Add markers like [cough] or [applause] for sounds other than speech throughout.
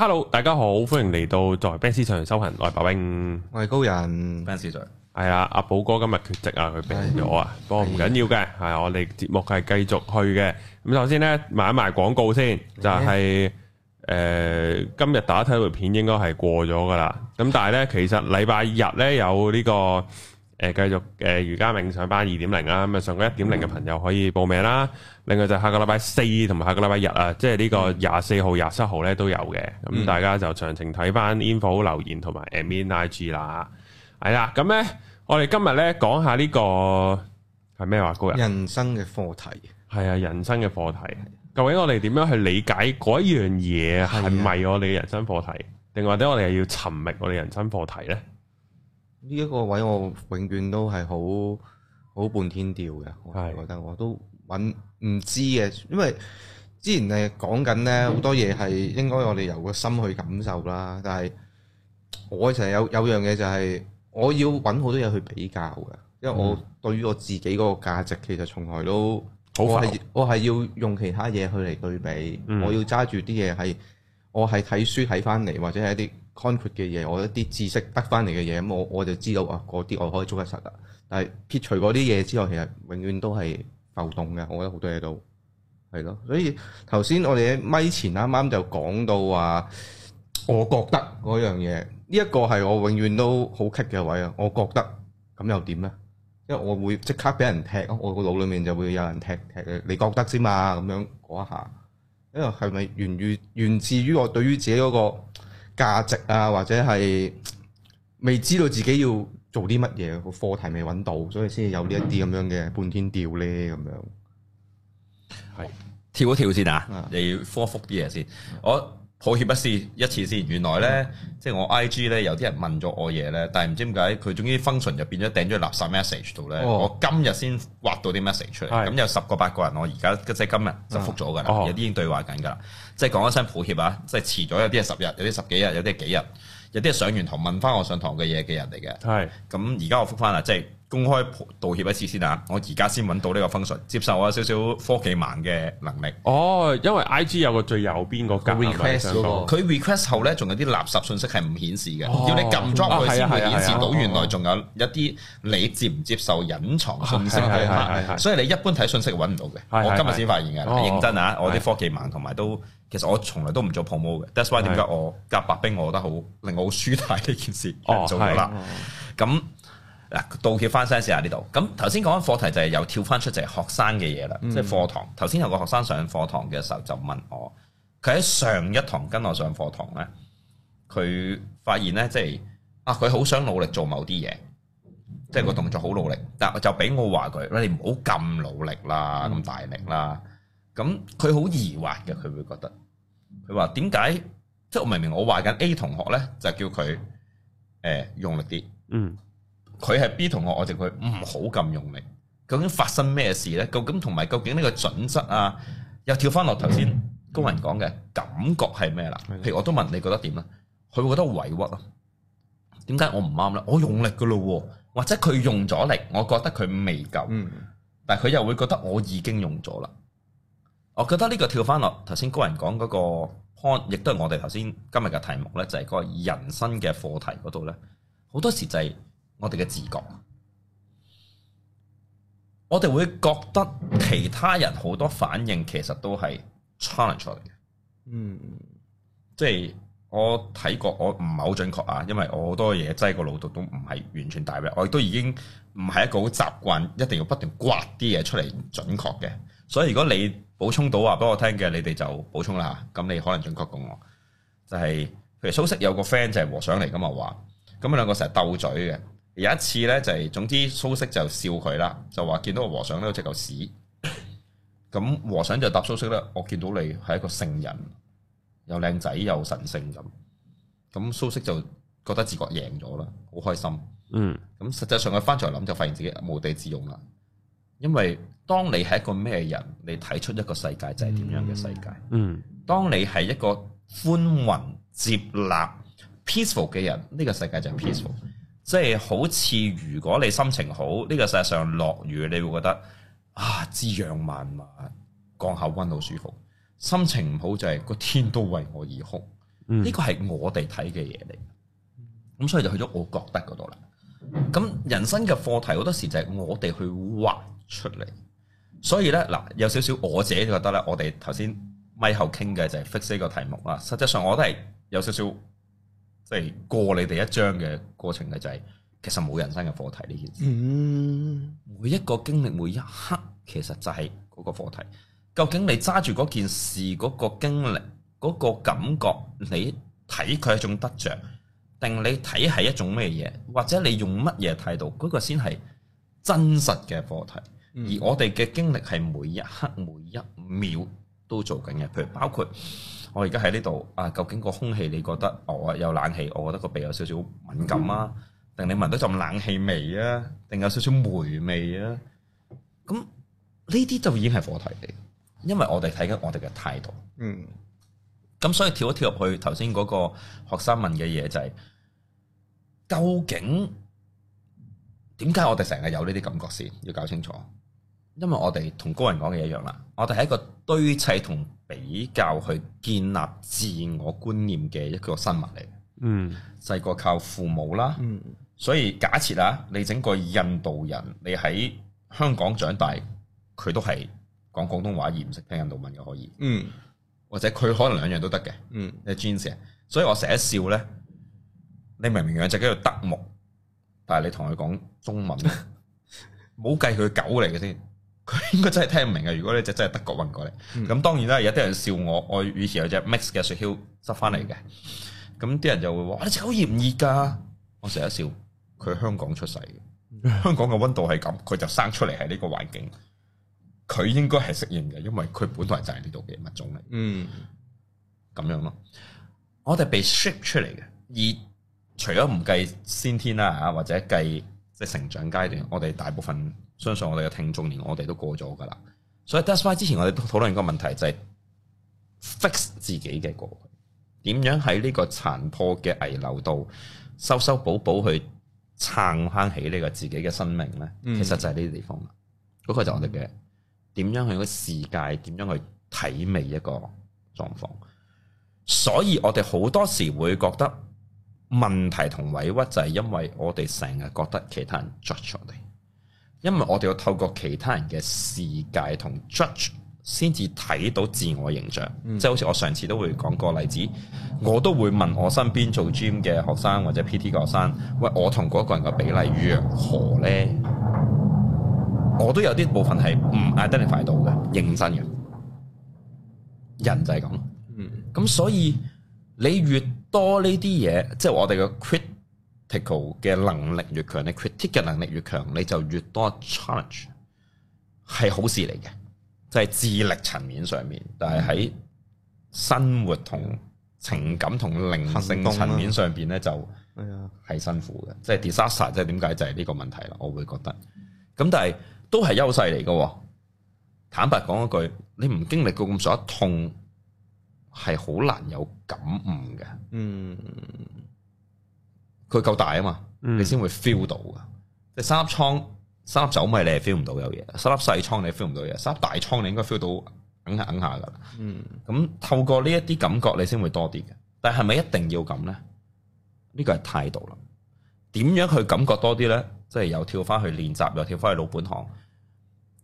Hello，大家好，歡迎嚟到在 Benz 上修行，我係白兵，我係高人，Benz Sir，係啊，阿寶哥今日缺席啊，佢病咗啊，不過唔緊要嘅，係我哋節目係繼續去嘅。咁首先咧賣一賣廣告先，就係誒今日大家睇條片應該係過咗噶啦。咁但係咧，其實禮拜日咧有呢個。誒繼續誒，瑜伽冥想班二點零啦，咁啊上過一點零嘅朋友可以報名啦。嗯、另外就下個禮拜四同埋下個禮拜日啊，即係呢個廿四號、廿七號咧都有嘅。咁、嗯、大家就詳情睇翻 Info 留言同埋 Admin IG 啦。係啦，咁咧我哋今日咧講下呢、這個係咩話？高人，人生嘅課題係啊，人生嘅課題的究竟我哋點樣去理解嗰一樣嘢係咪我哋嘅人生課題，定或者我哋係要尋覓我哋人生課題咧？呢一個位我永遠都係好好半天吊嘅，我覺得我都揾唔知嘅，因為之前誒講緊咧好多嘢係應該我哋由個心去感受啦，嗯、但係我成日有有樣嘢就係我要揾好多嘢去比較嘅，因為我對於我自己嗰個價值其實從來都、嗯、我係我係要用其他嘢去嚟對比，嗯、我要揸住啲嘢係我係睇書睇翻嚟或者係一啲。Concrete 嘅嘢，我一啲知識得翻嚟嘅嘢，咁我我就知道啊，嗰啲我可以捉得實啦。但係撇除嗰啲嘢之外，其實永遠都係浮動嘅。我覺得好多嘢都係咯，所以頭先我哋喺咪前啱啱就講到話，我覺得嗰樣嘢，呢、這、一個係我永遠都好棘嘅位啊。我覺得咁又點呢？因為我會即刻俾人踢，我個腦裡面就會有人踢踢。你覺得先嘛、啊？咁樣嗰一下，因為係咪源，源自源自於我對於自己嗰、那個？價值啊，或者係未知道自己要做啲乜嘢，個課題未揾到，所以先係有呢一啲咁樣嘅半天吊咧咁樣。係跳一跳先啊！啊你要科復啲嘢先課一課一，嗯、我。抱歉一試一次先，原來咧、嗯、即係我 I G 咧有啲人問咗我嘢咧，但係唔知點解佢終於 function 入變咗掟咗去垃圾 message 度咧，哦、我今日先挖到啲 message 出嚟，咁、哦、有十個八個人我而家即係今日就覆咗㗎啦，嗯哦、有啲已經對話緊㗎啦，哦、即係講一聲抱歉啊，即係遲咗有啲係十日，有啲係十幾日，有啲係幾日，有啲係上完堂問翻我上堂嘅嘢嘅人嚟嘅，係咁而家我覆翻啦，即係。公開道歉一次先啊！我而家先揾到呢個 function，接受啊少少科技盲嘅能力。哦，因為 I G 有個最右邊嗰個，佢 request 後咧，仲有啲垃圾信息係唔顯示嘅，要你撳 drop 佢先會顯示到。原來仲有一啲你接唔接受隱藏信息，所以你一般睇信息揾唔到嘅。我今日先發現嘅，認真啊！我啲科技盲同埋都其實我從來都唔做 promo 嘅。That's why 點解我夾白兵，我覺得好令我好舒泰呢件事做咗啦。咁嗱，道歉翻先先下呢度。咁頭先講緊課題就係又跳翻出就係學生嘅嘢啦，嗯、即係課堂。頭先有個學生上課堂嘅時候就問我，佢喺上一堂跟我上課堂咧，佢發現咧即係啊，佢好想努力做某啲嘢，即、就、係、是、個動作好努力。嗯、但就我就俾我話佢，你唔好咁努力啦，咁、嗯、大力啦。咁佢好疑惑嘅，佢會覺得，佢話點解？即係我明明我話緊 A 同學咧，就叫佢誒、呃、用力啲，嗯。佢係 B 同學，我就佢唔好咁用力。究竟發生咩事呢？究竟同埋究竟呢個準則啊？又跳翻落頭先高人講嘅感覺係咩啦？嗯嗯、譬如我都問你覺得點呢？佢會覺得委屈咯。點解我唔啱呢？我用力噶咯、啊，或者佢用咗力，我覺得佢未夠，嗯、但係佢又會覺得我已經用咗啦。我覺得呢個跳翻落頭先高人講嗰個 point，亦都係我哋頭先今日嘅題目呢，就係、是、嗰人生嘅課題嗰度呢。好多時就係、是。我哋嘅自覺，我哋會覺得其他人好多反應其實都係 challenge 出嚟嘅，嗯，即係我睇過，我唔係好準確啊，因為我好多嘢擠個腦度都唔係完全大嘅，我亦都已經唔係一個好習慣，一定要不斷刮啲嘢出嚟準確嘅。所以如果你補充到話俾我聽嘅，你哋就補充啦，咁你可能準確過我。就係譬如蘇軾有個 friend 就係和尚嚟噶嘛，話咁佢兩個成日鬥嘴嘅。有一次呢，就係，總之蘇軾就笑佢啦，就話見到個和尚咧有隻狗屎，咁 [coughs] 和尚就答蘇軾咧，我見到你係一個聖人，又靚仔又神聖咁，咁蘇軾就覺得自覺贏咗啦，好開心。嗯，咁實際上佢翻嚟諗就發現自己無地自容啦，因為當你係一個咩人，你睇出一個世界就係點樣嘅世界。嗯，當你係一個寬宏接納 peaceful 嘅人，呢、這個世界就係 peaceful，嗯。嗯即係好似如果你心情好，呢、這個世界上落雨，你會覺得啊，滋養萬物，降下溫好舒服。心情唔好就係、是、個天都為我而哭。呢、這個係我哋睇嘅嘢嚟，咁、嗯、所以就去咗我覺得嗰度啦。咁人生嘅課題好多時就係我哋去挖出嚟。所以呢，嗱，有少少我自己覺得咧，我哋頭先咪後傾嘅就係 fix 呢個題目啊。實際上我都係有少少。即係過你第一章嘅過程嘅就係，其實冇人生嘅課題呢件事。嗯、每一個經歷每一刻，其實就係嗰個課題。究竟你揸住嗰件事嗰個經歷嗰個感覺，你睇佢係一種得着，定你睇係一種咩嘢？或者你用乜嘢態度？嗰個先係真實嘅課題。嗯、而我哋嘅經歷係每一刻每一秒都做緊嘅，譬如包括。我而家喺呢度啊，究竟個空氣你覺得我有冷氣，我覺得個鼻有少少敏感啊，定、嗯、你聞到陣冷氣味啊，定有少少霉味啊？咁呢啲就已經係課題嚟，因為我哋睇緊我哋嘅態度。嗯。咁所以跳一跳入去頭先嗰個學生問嘅嘢就係、是，究竟點解我哋成日有呢啲感覺先？要搞清楚。因為我哋同高人講嘅一樣啦，我哋係一個堆砌同比較去建立自我觀念嘅一個生物嚟。嗯，細個靠父母啦。嗯，所以假設啊，你整個印度人，你喺香港長大，佢都係講廣東話而唔識聽印度文嘅可以。嗯，或者佢可能兩樣都得嘅。嗯，誒 j e 所以我成日笑呢：「你明唔明樣就叫做德牧，但係你同佢講中文，冇計佢狗嚟嘅先。」佢應該真係聽唔明嘅。如果你隻真係德國運過嚟，咁、嗯、當然啦，有啲人笑我。我以前有隻 mix 嘅雪橇執翻嚟嘅，咁啲人就會話：你只好熱唔熱噶。我成日笑佢香港出世嘅，香港嘅温度係咁，佢就生出嚟喺呢個環境，佢應該係適應嘅，因為佢本來就係呢度嘅物種嚟。嗯，咁樣咯。我哋被 ship 出嚟嘅，而除咗唔計先天啦啊，或者計即係成長階段，我哋大部分。相信我哋嘅聽眾連我哋都過咗㗎喇，所以 that's why 之前我哋都討論個問題就係 fix 自己嘅過去，點樣喺呢個殘破嘅危樓度修修補補去撐翻起呢個自己嘅生命呢？其實就係呢啲地方啦。嗯。嗰個就我哋嘅點樣去個世界，點樣去體味一個狀況。所以我哋好多時會覺得問題同委屈就係因為我哋成日覺得其他人作出嚟。因為我哋要透過其他人嘅視界同 judge 先至睇到自我形象，嗯、即係好似我上次都會講個例子，嗯、我都會問我身邊做 gym 嘅學生或者 PT 嘅學生，喂，我同嗰個人嘅比例如何呢？我都有啲部分係唔 identify 到嘅認真嘅人就係咁，咁、嗯、所以你越多呢啲嘢，即係我哋嘅 crit。critical 嘅能力越強，你 critic 嘅能力越強，你就越多 challenge，係好事嚟嘅，就係智力層面上面。但係喺生活同情感同靈性層面上邊咧，就係辛苦嘅，即係 disaster，即係點解就係呢個問題啦。我會覺得，咁但係都係優勢嚟嘅。坦白講一句，你唔經歷過咁多痛，係好難有感悟嘅。嗯。佢夠大啊嘛，你先會 feel 到噶。即三粒倉、三粒走米，你係 feel 唔到有嘢；三粒細倉，你 feel 唔到嘢；三粒大倉，你應該 feel 到揞下揞下噶啦。咁、嗯、透過呢一啲感覺，你先會多啲嘅。但係咪一定要咁呢？呢個係態度啦。點樣去感覺多啲呢？即係又跳翻去練習，又跳翻去老本行。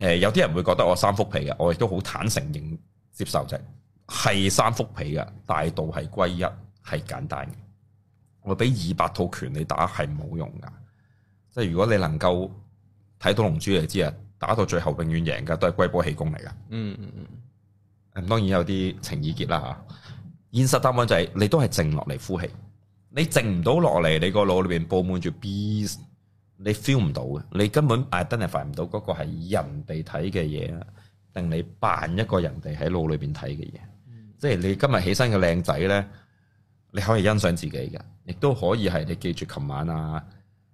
誒，有啲人會覺得我三幅皮嘅，我亦都好坦誠認接受值，係、就是、三幅皮嘅大道係歸一，係簡單嘅。我俾二百套拳你打係冇用噶，即係如果你能夠睇到龍珠就知啊，打到最後永遠贏嘅都係龜波氣功嚟噶。嗯嗯嗯。咁當然有啲情意結啦嚇、啊。現實答案就係、是、你都係靜落嚟呼氣，你靜唔到落嚟，你個腦裏邊佈滿住 Beast，你 feel 唔到嘅，你根本 identify 唔到嗰個係人哋睇嘅嘢啊，定你扮一個人哋喺腦裏邊睇嘅嘢。嗯、即係你今日起身嘅靚仔呢。你可以欣賞自己嘅，亦都可以係你記住。琴晚啊，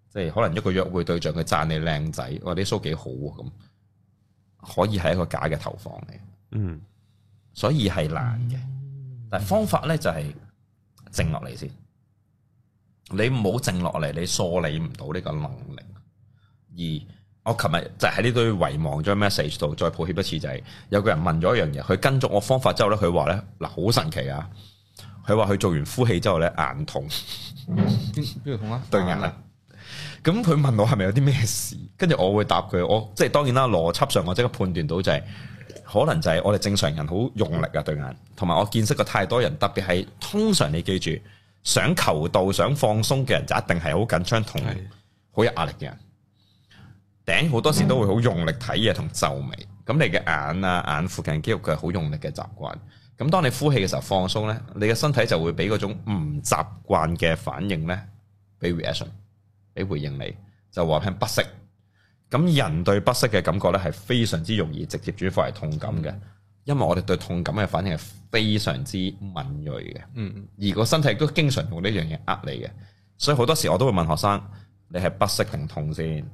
即係可能一個約會對象佢讚你靚仔，話你須幾好啊，咁可以係一個假嘅投放嚟，嗯，所以係難嘅，但方法呢，就係靜落嚟先。你唔好靜落嚟，你梳理唔到呢個能力。而我琴日就喺呢堆遺忘咗 message 度再抱歉一次，就係、是、有個人問咗一樣嘢，佢跟足我方法之後呢，佢話呢：「嗱，好神奇啊！佢話佢做完呼氣之後咧，眼痛、嗯，邊度、嗯、痛啊？對眼啊？咁佢問我係咪有啲咩事？跟住我會答佢，我即係當然啦，邏輯上我即刻判斷到就係、是、可能就係我哋正常人好用力啊對眼，同埋我見識過太多人，特別係通常你記住想求道想放鬆嘅人就一定係好緊張同好有壓力嘅人，頂好多時都會好用力睇嘢同皺眉，咁你嘅眼啊眼附近肌肉佢係好用力嘅習慣。咁當你呼氣嘅時候放鬆呢，你嘅身體就會俾嗰種唔習慣嘅反應呢，俾 reaction，俾回應你，就話係不適。咁人對不適嘅感覺呢，係非常之容易直接轉化為痛感嘅，因為我哋對痛感嘅反應係非常之敏鋭嘅。嗯，而個身體都經常用呢樣嘢呃你嘅，所以好多時我都會問學生：你係不適定痛先？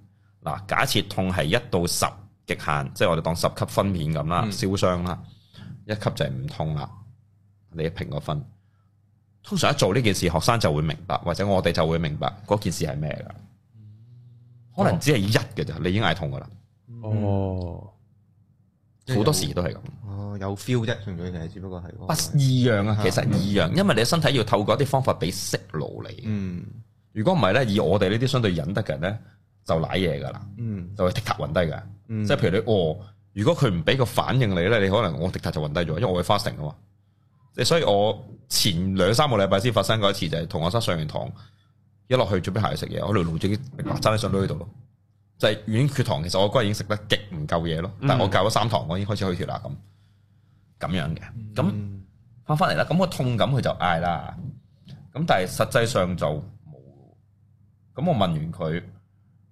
嗱，假設痛係一到十極限，即係我哋當十級分娩咁啦，嗯、燒傷啦。一級就係唔痛啦，你一評個分，通常一做呢件事，學生就會明白，或者我哋就會明白嗰件事係咩啦。哦、可能只係一嘅咋，你已經嗌痛噶啦。哦，好多時都係咁。哦，有 feel 啫，純粹其實只、那個、不過係。不一樣啊，其實一樣，因為你身體要透過一啲方法俾識路嚟。嗯。如果唔係咧，以我哋呢啲相對忍得嘅人咧，就瀨嘢噶啦。嗯。就會踢塔暈低嘅。嗯。即係譬如你哦。如果佢唔俾個反應你咧，你可能我滴塔就暈低咗，因為我係 fasting 啊嘛。即所以我前兩三個禮拜先發生過一次，就係、是、同學生上完堂，一落去做咩鞋食嘢，我條龍脹起上都呢度咯。嗯、就係軟血糖，其實我嗰日已經食得極唔夠嘢咯，但係我教咗三堂，我已經開始去血啦咁咁樣嘅。咁翻返嚟啦，咁個痛感佢就嗌啦。咁但係實際上就冇。咁我問完佢，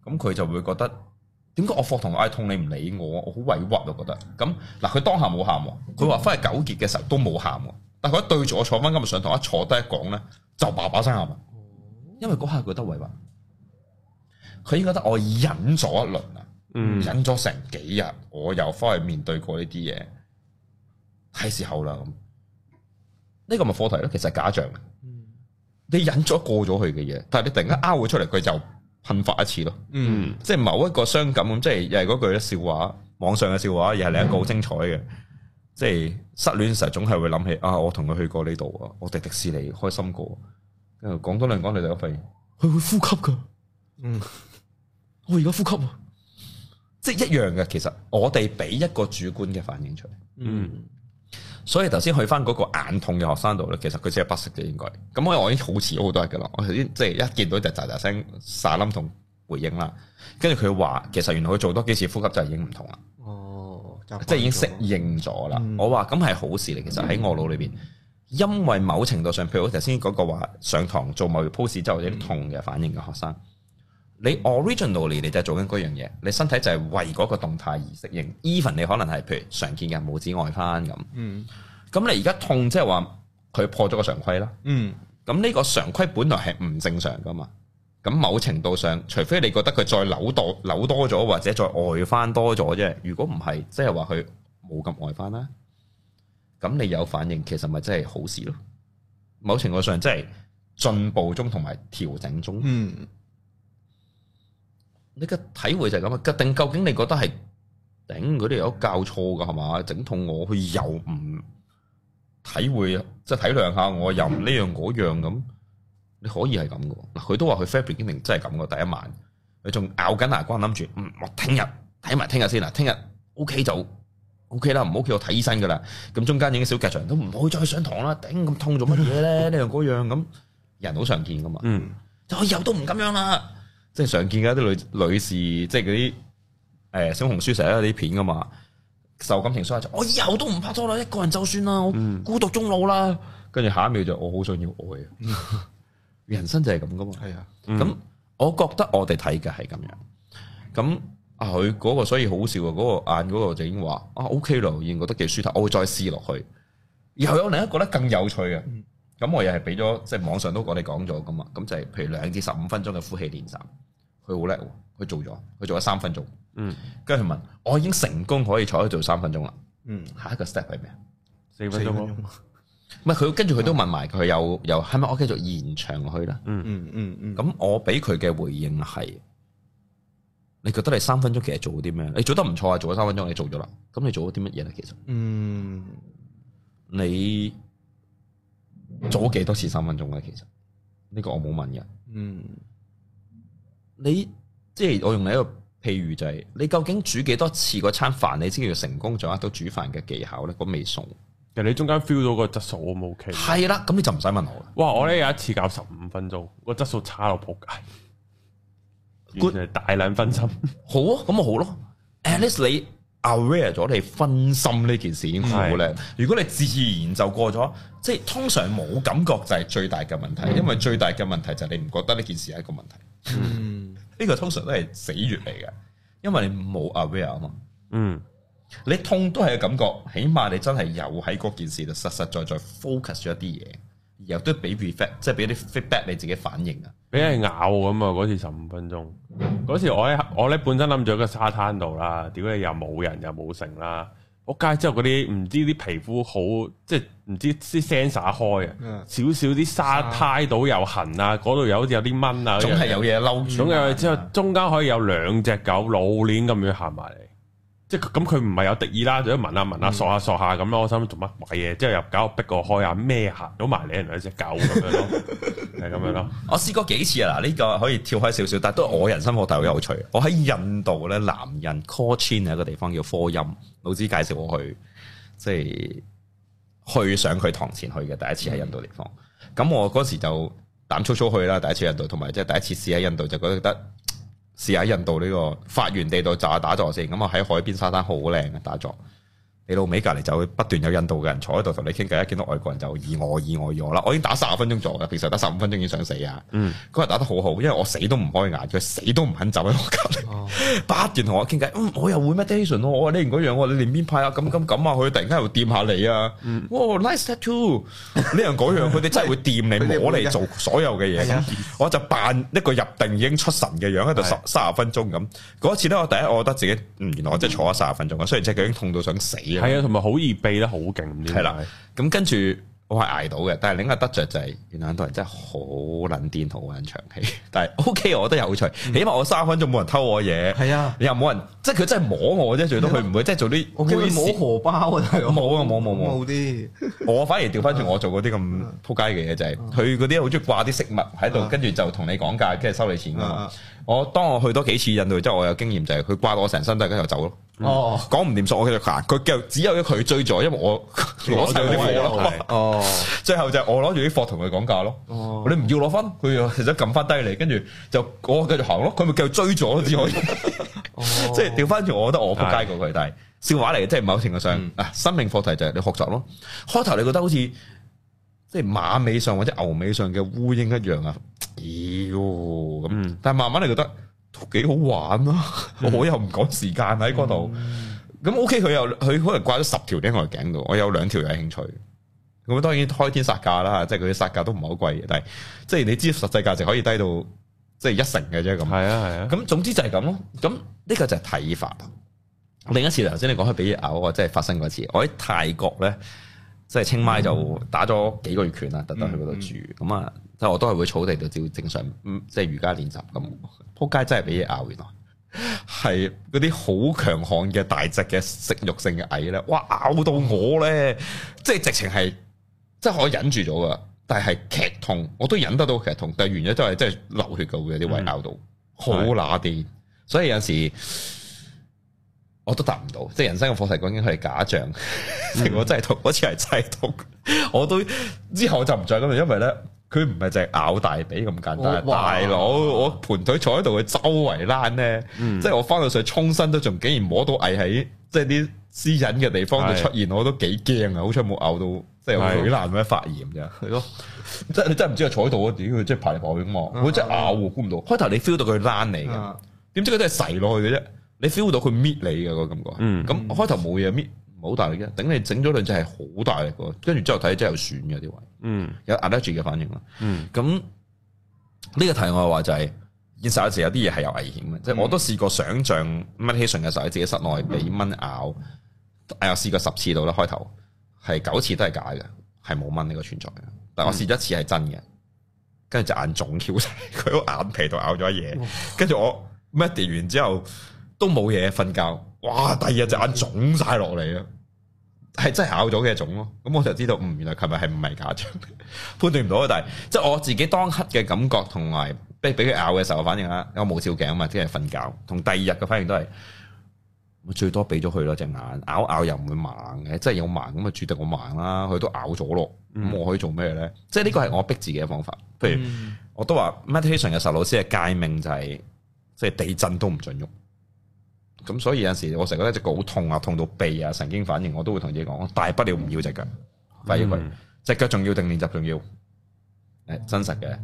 咁佢就會覺得。點解我課堂我嗌痛你唔理我，我好委屈我覺得。咁嗱，佢當下冇喊，佢話翻去糾結嘅時候都冇喊，但係佢一對住我坐翻今日上堂一坐低一講咧，就叭叭聲喊。因為嗰刻佢覺得委屈，佢已經覺得我忍咗一輪啦，嗯、忍咗成幾日，我又翻去面對過呢啲嘢，係時候啦。呢、呢個咪課題咧，其實係假象。你忍咗過咗去嘅嘢，但係你突然間 out 出嚟，佢就。噴發一次咯，嗯，即係某一個傷感咁，即係又係嗰句嘅笑話，網上嘅笑話，又係另一個好精彩嘅，即係失戀時總係會諗起啊，我同佢去過呢度啊，我哋迪士尼開心過，跟住講多兩講你就發現佢會呼吸噶，嗯，我而家呼吸，即係一樣嘅，其實我哋俾一個主觀嘅反應出嚟，嗯。所以頭先去翻嗰個眼痛嘅學生度咧，其實佢只係不適嘅應該。咁我我已經好遲好多日嘅啦，我頭先即係一見到就大大聲沙林同回應啦。跟住佢話，其實原來佢做多幾次呼吸就已經唔同啦。哦，即係已經適應咗啦。嗯、我話咁係好事嚟，其實喺我腦裏邊，因為某程度上，譬如我頭先嗰個話上堂做某啲 pose 之後有啲痛嘅反應嘅學生。你 originally 你就做緊嗰樣嘢，你身體就係為嗰個動態而適應。Even 你可能係譬如常見嘅拇指外翻咁，咁、嗯、你而家痛即係話佢破咗個常規啦。嗯、咁呢個常規本來係唔正常噶嘛。咁某程度上，除非你覺得佢再扭多扭多咗，或者再外翻多咗啫。如果唔係，即係話佢冇咁外翻啦。咁你有反應，其實咪真係好事咯。某程度上，即係進步中同埋調整中。嗯你嘅體會就係咁啊！定究竟你覺得係頂佢哋有教錯嘅係嘛？整痛我，佢又唔體會啊，即、就、係、是、體諒下我，又唔呢、這個、樣嗰樣咁，你可以係咁嘅。嗱，佢都話佢 Fabian 經理真係咁嘅第一晚，佢仲咬緊牙關諗住，嗯，啊 okay okay 啊、okay, 我聽日睇埋聽日先啦，聽日 O K 就 O K 啦，唔好叫我睇醫生嘅啦。咁中間影咗小劇場，都唔好再上堂啦。頂咁痛做乜嘢咧？呢樣嗰樣咁，樣 [laughs] 人好常見嘅嘛。嗯，就我又都唔咁樣啦。即係常見嘅一啲女女士，即係嗰啲誒小紅書成日啲片噶嘛，受感情傷害，就我以後都唔拍拖啦，一個人就算啦，嗯、我孤獨終老啦。跟住、嗯、下一秒就我好想要愛啊！嗯、人生就係咁噶嘛。係啊、嗯，咁我覺得我哋睇嘅係咁樣。咁啊佢嗰個所以好笑、那個、啊，嗰個眼嗰度就已經話啊 OK 啦，已經覺得幾舒坦，我會再試落去。又有另一個咧更有趣嘅，咁我又係俾咗即係網上都我哋講咗噶嘛，咁就係譬如兩至十五分鐘嘅呼氣練習。佢好叻，佢做咗，佢做咗三分鐘。嗯，跟住佢問我已經成功可以坐喺度做三分鐘啦。嗯，下一個 step 係咩啊？四分鐘。四分鐘。唔係，佢跟住佢都問埋佢有有係咪我繼續延長去咧、嗯？嗯嗯嗯嗯。咁我俾佢嘅回應係，你覺得你三分鐘其實做咗啲咩？你做得唔錯啊，做咗三分鐘你做咗啦。咁你做咗啲乜嘢咧？其實，嗯，你做咗幾多次三分鐘咧？其實呢、呢個我冇問嘅。嗯。你即係我用嚟，一個譬如就係、是、你究竟煮幾多次嗰餐飯你先叫做成功掌握到煮飯嘅技巧咧？個味餸，其實你中間 feel 到個質素 O 唔 O K？係啦，咁你就唔使問我啦。哇！我咧、嗯、有一次搞十五分鐘，個質素差到仆街， [laughs] 完全大量分心。好啊，咁咪好咯。At least 你 aware 咗你分心呢件事已經好叻。是如果你自然就過咗，即係通常冇感覺就係最大嘅問題，嗯、因為最大嘅問題就係你唔覺得呢件事係一個問題。嗯。呢個通常都係死穴嚟嘅，因為你冇 aware 啊嘛。嗯，你痛都係有感覺，起碼你真係有喺嗰件事度實實在在，在 focus 咗一啲嘢，然後都俾 reflect，即係俾啲 feedback 你自己反應啊。俾人咬咁啊！嗰次十五分鐘，嗰、嗯、次我喺我咧本身諗住喺個沙灘度啦，屌你又冇人又冇成啦。屋街之後啲唔知啲皮膚好，即係唔知啲聲灑開 s o、嗯、啊，少少啲沙灘到又痕啊，度又好似有啲蚊啊，總係有嘢嬲住。總之之後中間可以有兩隻狗老鏈咁樣行埋嚟。即係咁，佢唔係有敵意啦，就咁聞下聞下，索下索下咁咯。我心諗做乜鬼嘢？之後又搞逼我開下咩行到埋你原來隻狗咁樣咯，係咁 [laughs] 樣咯。我試過幾次啊！嗱，呢個可以跳開少少，但係都我人生課題好有趣。我喺印度咧，男人 Cochin 喺一個地方叫科欽，老師介紹我去，即係去上佢堂前去嘅第一次喺印度地方。咁、嗯、我嗰時就膽粗粗去啦，第一次印度，同埋即係第一次試喺印度就覺得得。試下印度呢、這個發源地度炸打坐先，咁啊喺海邊沙灘好靚嘅打坐。你老尾隔離就會不斷有印度嘅人坐喺度同你傾偈，一見到外國人就以我以我以我啦！我已經打三十分鐘咗啦，平常打十五分鐘已經想死啊！嗰日、嗯、打得好好，因為我死都唔開眼，佢死都唔肯走喺我隔離，不斷同我傾偈、嗯。我又會 meditation 我話你唔嗰樣，我話你連邊派啊？咁咁咁啊！佢突然間又掂下你啊、嗯、nice tattoo！呢、嗯、樣嗰樣，佢哋真係會掂你 [laughs] 摸嚟你做所有嘅嘢。的我就扮一個入定已經出神嘅樣喺度，三十的分鐘咁嗰次咧，我第一我覺得自己原來我真係坐咗三十分鐘啊！雖然真係已經痛到想死。係啊，同埋好易避得好勁。係啦，咁跟住我係挨到嘅，但係另一個得着就係，原來印度人真係好撚癲同好撚長氣。但係 O K，我覺得有趣，起碼我三分鐘冇人偷我嘢。係啊，又冇人，即係佢真係摸我啫。最多佢唔會即係做啲，佢會摸荷包啊，摸啊冇冇冇啲，我反而調翻轉，我做嗰啲咁扑街嘅嘢就係，佢嗰啲好中意掛啲飾物喺度，跟住就同你講價，跟住收你錢噶嘛。我當我去多幾次印度之後，我有經驗就係，佢掛到我成身都係跟住走咯。哦，講唔掂數，我繼續行，佢就只有佢追住，因為我攞晒啲貨哦，最後就係我攞住啲貨同佢講價咯。哦、你唔要攞分，佢又其實撳翻低你，跟住就我繼續行咯。佢咪繼續追咗，只可以，即係掉翻轉。 [laughs] 就是、我覺得我撲街過佢，的但笑話嚟嘅，即係某程度上，嗱、嗯，生命課題就係你學習咯。開頭你覺得好似即係馬尾上或者牛尾上嘅烏蠅一樣啊，咦咁，但係慢慢你覺得。幾好玩啊！我又唔趕時間喺嗰度，咁、嗯、OK 佢又佢可能掛咗十條喺我嘅頸度，我有兩條有係興趣。咁當然開天殺價啦，即係佢殺價都唔係好貴，但係即係你知實際價值可以低到即係一成嘅啫咁。係啊係啊，咁總之就係咁咯。咁呢個就係睇法。另一次頭先你講佢俾嘢嘔啊，即係發生嗰次，我喺泰國咧。即係清邁就打咗幾個月拳啦，嗯、特登去嗰度住。咁啊、嗯，即係我都係會草地度照正常，即、就、係、是、瑜伽練習咁。仆街真係俾嘢咬，原來係嗰啲好強悍嘅大隻嘅食肉性嘅蟻咧，哇咬到我咧，即係直情係，即係可以忍住咗噶，但係劇痛，我都忍得到劇痛，但係完咗之後係真係流血噶，會有啲位咬到，好乸啲，是所以有時。我都答唔到，即係人生嘅課題，究竟係假象？嗯、 [laughs] 我真係痛，嗰次係真係痛，我都之後就唔再咁。因為咧，佢唔係淨係咬大髀咁簡單，大佬哇我盤腿坐喺度，佢周圍躝咧，嗯、即係我翻到上沖身都仲竟然摸到蟻喺，即係啲私隱嘅地方度出現，是的 我都幾驚是的 [laughs] 啊！好彩冇咬到，即係嘴爛咩發炎啫，係咯。即係你真係唔知佢坐喺度點佢即係爬嚟爬去咁望，我真係咬，估唔到。開頭你 feel 到佢躝你嘅，點知佢真係噬落去嘅啫。你 feel 到佢搣你嘅嗰、嗰個感覺，咁我開頭冇嘢搣，冇大力嘅，等你整咗兩隻係好大力嘅，跟住之後睇真係有損嘅啲位，有壓得住嘅反應咯。咁呢個題外話就係、係、現實有時有啲嘢係有危險嘅，即係、嗯、我都試過想象蚊起身嘅時候，喺自己室內俾蚊咬，我又試過十次到啦，開頭係九次都係假嘅，係冇蚊呢個存在嘅，但我試一次係真嘅，跟住就眼腫翹晒，佢 [laughs] 個眼皮度咬咗嘢，跟住我 med 完之後。都冇嘢瞓覺，哇！第二日隻眼腫晒落嚟啊，係 [noise] 真係咬咗嘅腫咯。咁我就知道，嗯，原來琴日係唔係假象，判斷唔到啊。但係即係我自己當刻嘅感覺同埋，俾俾佢咬嘅時候，反正啊，我冇照鏡啊嘛，即係瞓覺。同第二日嘅反應都係，最多俾咗佢咯，隻眼咬咬又唔會盲嘅，即係有盲咁啊，注定我盲啦。佢都咬咗咯，咁我可以做咩咧？嗯、即係呢個係我逼自己嘅方法。譬如我都話 meditation 嘅時候，老師嘅戒命就係、是、即、就、係、是、地震都唔准喐。咁所以有陣時，我成日覺得隻腳好痛啊，痛到痹啊，神經反應，我都會同自己講，我大不了唔要隻腳，嗯、因佢隻腳重要定練習重要？誒，真實嘅，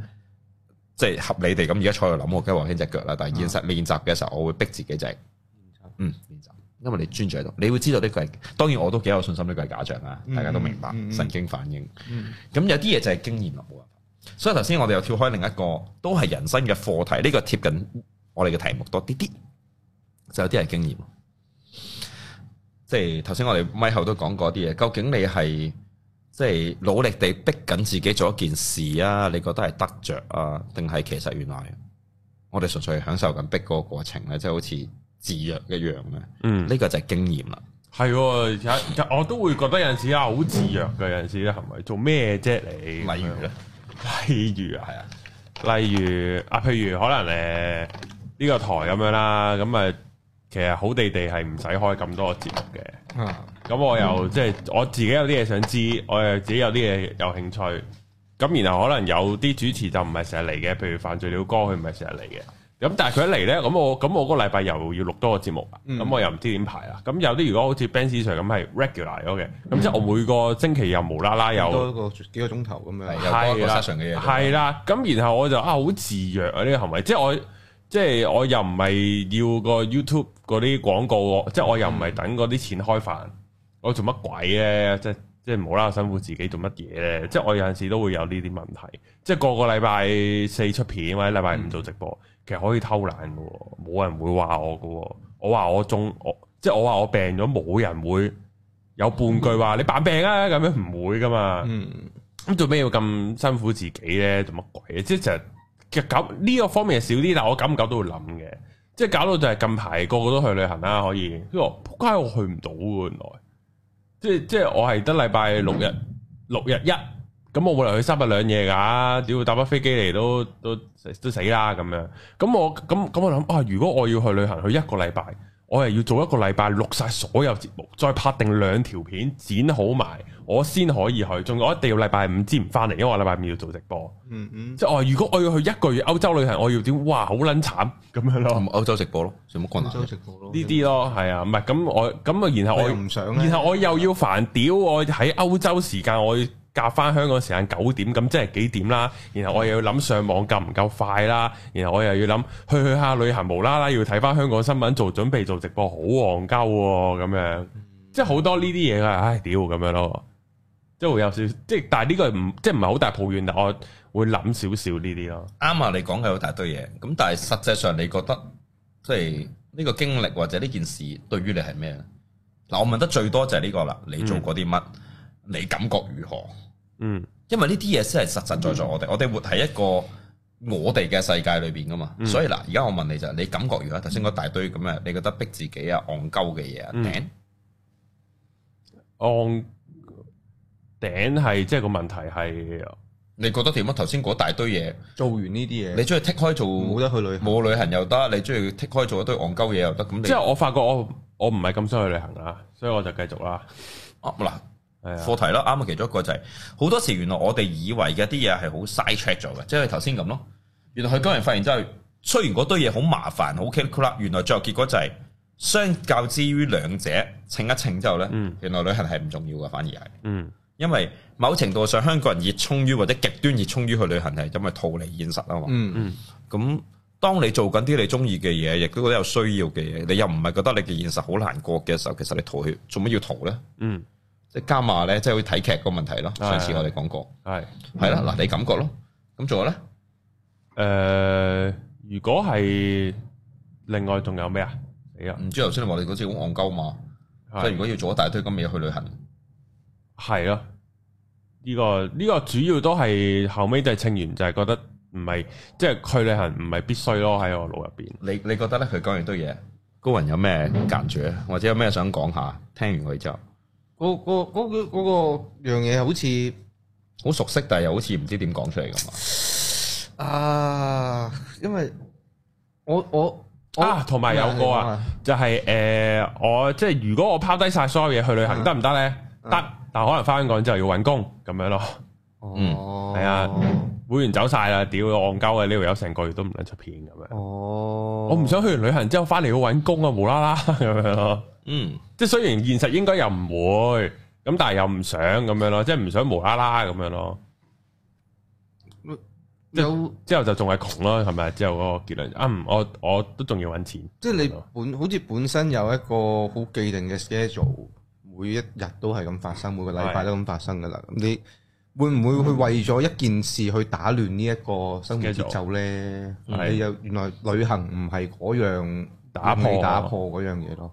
即、就、係、是、合理地咁。而家坐度諗，我梗係話輕隻腳啦。但係現實練習嘅時候，我會逼自己整、就是。嗯，練習，因為你專注喺度，你會知道呢個係當然我都幾有信心，呢個係假象啊，嗯、大家都明白、嗯、神經反應。咁、嗯、有啲嘢就係經驗咯，冇辦法。所以頭先我哋又跳開另一個，都係人生嘅課題。呢、這個貼緊我哋嘅題目多啲啲。就有啲係經驗，即係頭先我哋咪後都講過啲嘢。究竟你係即係努力地逼緊自己做一件事啊？你覺得係得着啊？定係其實原來我哋純粹係享受緊逼嗰個過程咧？即係好似自虐一樣咧？嗯，呢個就係經驗啦。係，有我都會覺得有陣時啊好自虐嘅。有陣時咧，係咪做咩啫？你例如咧？例如啊，係啊，例如啊，譬如可能誒呢個台咁樣啦，咁誒。其實好地地係唔使開咁多個節目嘅，咁、啊、我又即係我自己有啲嘢想知，我又自己有啲嘢有興趣。咁然後可能有啲主持就唔係成日嚟嘅，譬如犯罪鳥哥佢唔係成日嚟嘅。咁但係佢一嚟呢，咁我咁我嗰個禮拜又要錄多個節目，咁、嗯、我又唔知點排啦。咁有啲如果好似 Benz Sir 咁係 regular 嘅，咁即係我每個星期又無啦啦有多個幾個鐘頭咁樣，係啊，沙啦。咁啦然後我就啊好自虐啊呢個行為？即係我。即係我又唔係要個 YouTube 嗰啲廣告，即係我又唔係等嗰啲錢開飯，嗯、我做乜鬼咧？即係即係唔好啦，辛苦自己做乜嘢咧？即係我有陣時都會有呢啲問題，即係個個禮拜四出片或者禮拜五做直播，其實可以偷懶嘅，冇人會話我嘅，我話我中，我即係我話我病咗，冇人會有半句話、嗯、你扮病啊，咁樣唔會噶嘛。咁、嗯、做咩要咁辛苦自己咧？做乜鬼？即係其實。其實呢個方面係少啲，但係我久唔久都會諗嘅，即係搞到就係近排個個都去旅行啦，可以。所以我仆街，我去唔到喎，原來。即係即係我係得禮拜六日六日一，咁我冇嚟去三日兩夜噶，屌搭翻飛機嚟都都都，都死啦咁樣。咁我咁咁我諗啊，如果我要去旅行，去一個禮拜。我係要做一個禮拜錄晒所有節目，再拍定兩條片剪好埋，我先可以去。仲有我一定要禮拜五先唔翻嚟，因為我禮拜五要做直播。嗯嗯，即係我如果我要去一個月歐洲旅行，我要點？哇，好撚慘咁樣咯。歐洲直播咯，做乜困難？歐洲直播咯，呢啲咯，係啊的，唔係咁我咁啊，然後我唔想然後我又要煩屌我喺歐洲時間我。隔翻香港時間九點咁即係幾點啦？然後我又要諗上網夠唔夠快啦？然後我又要諗去去下旅行無啦啦要睇翻香港新聞做準備做直播好戇鳩咁樣，即係好多呢啲嘢，唉，屌咁樣咯，即係會有少即係，但係呢個唔即係唔係好大抱怨啊！但我會諗少少呢啲咯。啱啊！你講嘅好大堆嘢，咁但係實際上你覺得即係呢個經歷或者呢件事對於你係咩？嗱，我問得最多就係呢個啦，你做過啲乜？嗯你感覺如何？嗯，因為呢啲嘢先係實實在在、嗯、我在我哋，我哋活喺一個我哋嘅世界裏邊噶嘛，嗯、所以嗱，而家我問你就係，你感覺如何？頭先嗰大堆咁啊，嗯、你覺得逼自己啊，戇鳩嘅嘢頂？戇頂係即係個問題係，你覺得點啊？頭先嗰大堆嘢做完呢啲嘢，你中意剔開做冇得去旅行，冇旅行又得，你中意剔開做一堆戇鳩嘢又得。咁即係我發覺我我唔係咁想去旅行啊，所以我就繼續啦、啊。好啦。課題咯，啱啱其中一個就係、是、好多時原，原來我哋以為嘅啲嘢係好 side track 咗嘅，即係頭先咁咯。原來佢今日發現之後，雖然嗰堆嘢好麻煩、好 circular 原來最後結果就係、是、相較之於兩者，稱一稱之後咧，原來旅行係唔重要嘅，反而係，嗯，因為某程度上，香港人熱衷於或者極端熱衷於去旅行，係因為逃離現實啊嘛。嗯嗯。咁、嗯、當你做緊啲你中意嘅嘢，亦都覺得有需要嘅嘢，你又唔係覺得你嘅現實好難過嘅時候，其實你逃去做乜要逃咧？嗯。即係加碼咧，即係會睇劇個問題咯。上次我哋講過，係係啦，嗱的的你感覺咯，咁仲有咧？誒、呃，如果係另外仲有咩啊？唔知頭先你話你嗰次好戇鳩嘛？的即係如果要做一大堆咁嘅嘢去旅行，係咯？呢、這個呢、這個主要都係後尾，就係清完就係覺得唔係，即、就、係、是、去旅行唔係必須咯喺我腦入邊。你你覺得咧？佢講完堆嘢，高人有咩隔住啊？嗯、或者有咩想講下？聽完佢之後。嗰嗰嗰個樣嘢好似好熟悉，但係又好似唔知點講出嚟噶啊，因為我我啊，同埋有，有個啊，就係、是、誒、呃，我即係如果我拋低晒所有嘢去旅行得唔得咧？得，但可能翻香港之後要揾工咁樣咯。嗯、哦，係啊，會員走晒啦，屌，戇鳩啊。呢度有成個月都唔得出片咁樣。哦，我唔想去完旅行之後翻嚟要揾工啊，無啦啦咁樣咯。嗯。即係雖然現實應該又唔會咁，但係又唔想咁樣咯，即係唔想無啦啦咁樣咯有。之後就仲係窮咯，係咪之後嗰個結論？啊，唔，我我都仲要搵錢。即係你本的好似本身有一個好既定嘅 schedule，每一日都係咁發生，每個禮拜都咁發生噶啦。是的 你會唔會去為咗一件事去打亂呢一個生活節奏咧？你又原來旅行唔係嗰樣打，係打破嗰、啊、樣嘢咯。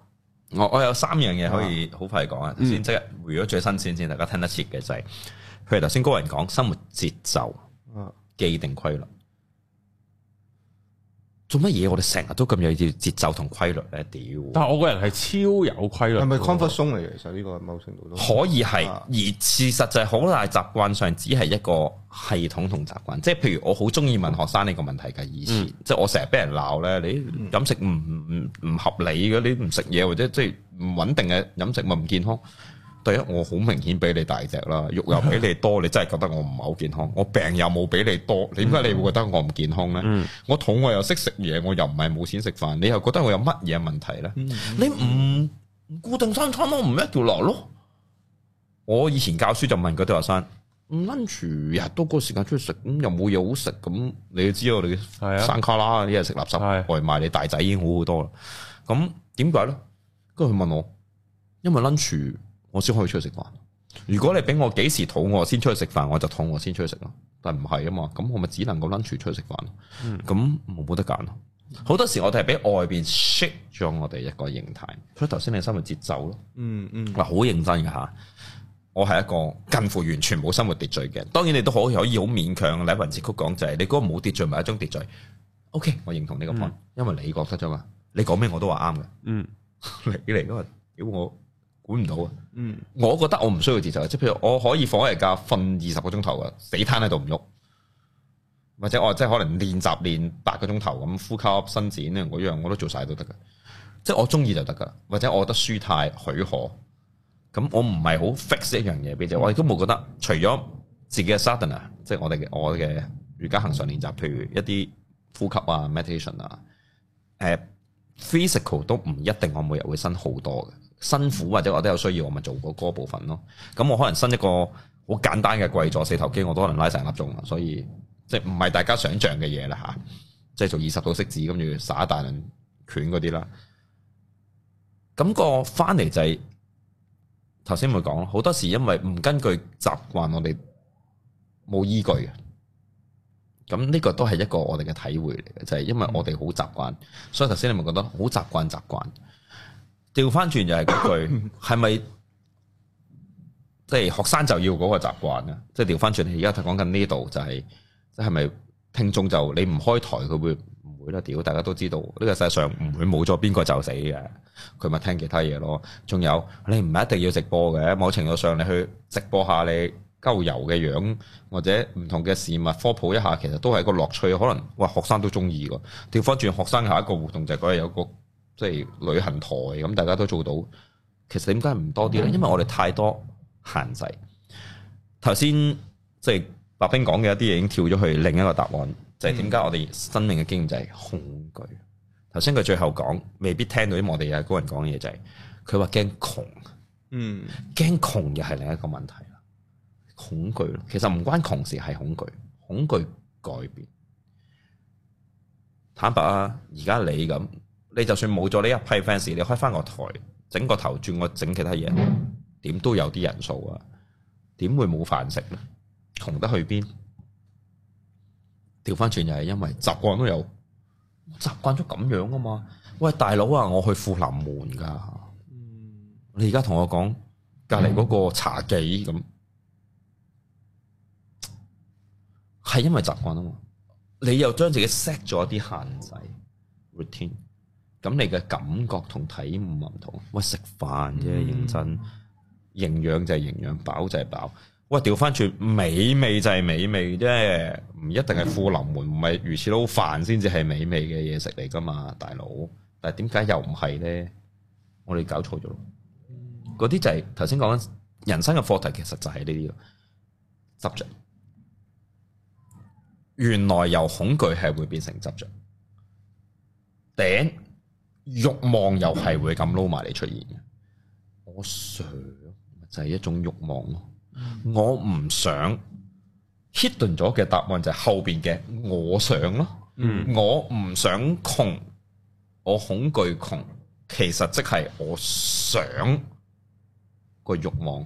我、哦、我有三樣嘢可以好快講啊！頭先即係回咗最新鮮，先大家聽得切嘅就係、是，譬如頭先高人講生活節奏、既定規律。做乜嘢？我哋成日都咁有啲節奏同規律咧，屌！但係我個人係超有規律。係咪 conversing 嚟？其實呢個某程度都可以係，而事實就係好大習慣上只係一個系統同習慣。即係譬如我好中意問學生呢個問題嘅以前，嗯、即係我成日俾人鬧咧，你飲食唔唔唔合理嘅，你唔食嘢或者即係唔穩定嘅飲食咪唔健康。我好明顯比你大隻啦，肉又比你多，你真係覺得我唔係好健康？我病又冇比你多，點解你會覺得我唔健康咧？嗯、我肚我又識食嘢，我又唔係冇錢食飯，你又覺得我有乜嘢問題咧？嗯、你唔固定三餐，我唔一條落咯。我以前教書就問嗰啲學生，Lunch 日都個時間出去食，咁又冇嘢好食，咁你都知道我哋山卡啦，啲人食垃圾外賣，是你大仔已經好好多啦。咁點解咧？跟住佢問我，因為 lunch。我先可以出去食飯。如果你俾我幾時肚餓先出去食飯，我就肚餓先出去食咯。但唔係啊嘛，咁我咪只能夠 lunch 出去食飯咯。咁冇得揀咯。好、嗯、多時我哋係俾外邊 shake 咗我哋一個形態。所以頭先你生活節奏咯、嗯。嗯嗯。嗱，好認真嘅吓。我係一個近乎完全冇生活秩序嘅。當然你都可可以好勉強。喺文字曲講就係、是、你嗰個冇秩序咪一種秩序。O、okay, K，我認同你咁講，嗯、因為你覺得咗嘛。你講咩我都話啱嘅。嗯。 [laughs] 你嚟噶？屌我。我我管唔到啊！嗯，我覺得我唔需要自受，即係譬如我可以放日假，瞓二十個鐘頭噶，死攤喺度唔喐，或者我即係可能練習練八個鐘頭咁，呼吸伸展啊嗰樣我都做晒都得噶，即係我中意就得噶，或者我覺得舒泰許可，咁我唔係好 fix 一樣嘢，變咗、嗯、我亦都冇覺得除咗自己嘅 sudden 啊，即係我哋我嘅瑜伽恆常練習，譬如一啲呼吸啊 meditation 啊，誒、呃、physical 都唔一定我每日會新好多嘅。辛苦或者我都有需要，我咪做嗰嗰部分咯。咁我可能新一個好簡單嘅貴咗四頭肌，我都可能拉成粒鐘啦。所以即係唔係大家想象嘅嘢啦吓，即係做二十個識字，跟住撒大輪拳嗰啲啦。咁個翻嚟就係頭先咪講咯，好多時因為唔根據習慣，我哋冇依據嘅。咁呢個都係一個我哋嘅體會嚟嘅，就係因為我哋好習慣，所以頭先你咪覺得好習慣習慣。調翻轉又係嗰句，係咪即係學生就要嗰個習慣咧？即係調翻轉，而家佢講緊呢度就係、是，即係咪聽眾就你唔開台佢會唔會咧？屌，大家都知道呢、呢個世界上唔會冇咗邊個就死嘅，佢咪聽其他嘢咯？仲有你唔係一定要直播嘅，某程度上你去直播下你郊遊嘅樣，或者唔同嘅事物科普一下，其實都係一個樂趣，可能哇學生都中意嘅。調翻轉學生下一個活動就係嗰日有個。即係旅行台咁，大家都做到。其實點解唔多啲咧？嗯、因為我哋太多限制。頭先即係白兵講嘅一啲嘢，已經跳咗去另一個答案，就係點解我哋生命嘅經驗就係恐懼。頭先佢最後講，未必聽到啲我哋啊高人講嘢、就是，就係佢話驚窮。嗯，驚窮又係另一個問題啦。恐懼，其實唔關窮事，係恐懼，恐懼改變。坦白啊，而家你咁。你就算冇咗呢一批 fans，你開翻個台，整個頭轉我整其他嘢，點都有啲人數啊？點會冇飯食咧？窮得去邊？調翻轉又係因為習慣都有，習慣咗咁樣啊嘛？喂，大佬啊，我去富臨門噶，你而家同我講隔籬嗰個茶幾咁，係因為習慣啊嘛？你又將自己 set 咗啲限制 routine 咁你嘅感覺同體悟又唔同，喂，食飯啫，認真，營養就係營養，飽就係飽。喂，掉返轉美味就係美味啫，唔一定係富臨門，唔係魚翅撈飯先至係美味嘅嘢食嚟噶嘛，大佬。但係點解又唔係咧？我哋搞錯咗，嗰啲就係頭先講人生嘅課題，其實就係呢啲咯。執著，原來由恐懼係會變成執着頂。慾望又係會咁撈埋嚟出現嘅，我想就係、是、一種慾望咯。我唔想 hit 咗嘅答案就係後邊嘅我想咯。嗯，我唔想窮，我恐懼窮，其實即係我想個慾望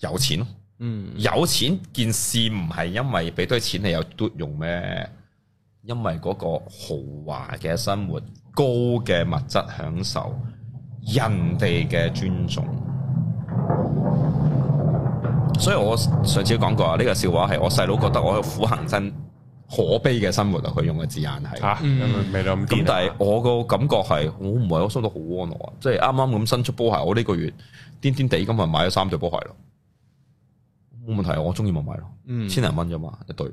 有錢咯。嗯，有錢件事唔係因為俾多錢你有都用咩？因為嗰個豪華嘅生活。高嘅物質享受，人哋嘅尊重。所以我上次講過啊，呢個笑話係我細佬覺得我苦行僧可悲嘅生活啊。佢用嘅字眼係咁，但係我個感覺係，我唔係我收到好安樂啊。即係啱啱咁伸出波鞋，我呢個月癲癲地咁啊買咗三對波鞋咯。冇問題，我中意咪買咯，千零蚊啫嘛，一對。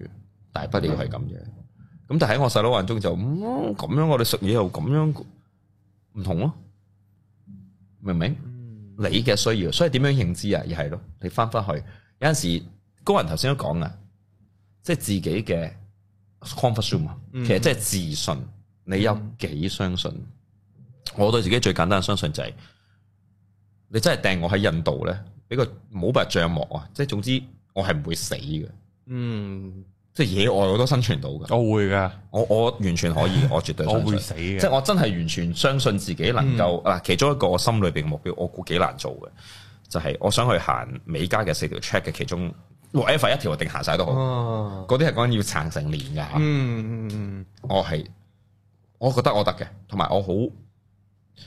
大不了係咁嘅。咁但喺我細佬眼中就咁、嗯、樣，我哋食嘢又咁樣唔同咯，明唔明？嗯、你嘅需要，所以點樣認知啊？而係咯，你翻翻去有陣時，高人頭先都講啊，即係自己嘅 confidence 啊，其實即係自信，你有幾相信？嗯、我對自己最簡單嘅相信就係、是，你真係掟我喺印度咧，俾個冇白象膜啊！即係總之，我係唔會死嘅。嗯。即係野外我都生存到嘅，我會嘅，我我完全可以，我絕對我會死嘅，即係我真係完全相信自己能夠嗱，嗯、其中一個我心裏邊嘅目標，我估幾難做嘅，就係、是、我想去行美加嘅四條 track 嘅其中 whatever 一條定行晒都好，嗰啲係講要撐成年嘅吓，嗯嗯嗯，我係，我覺得我得嘅，同埋我好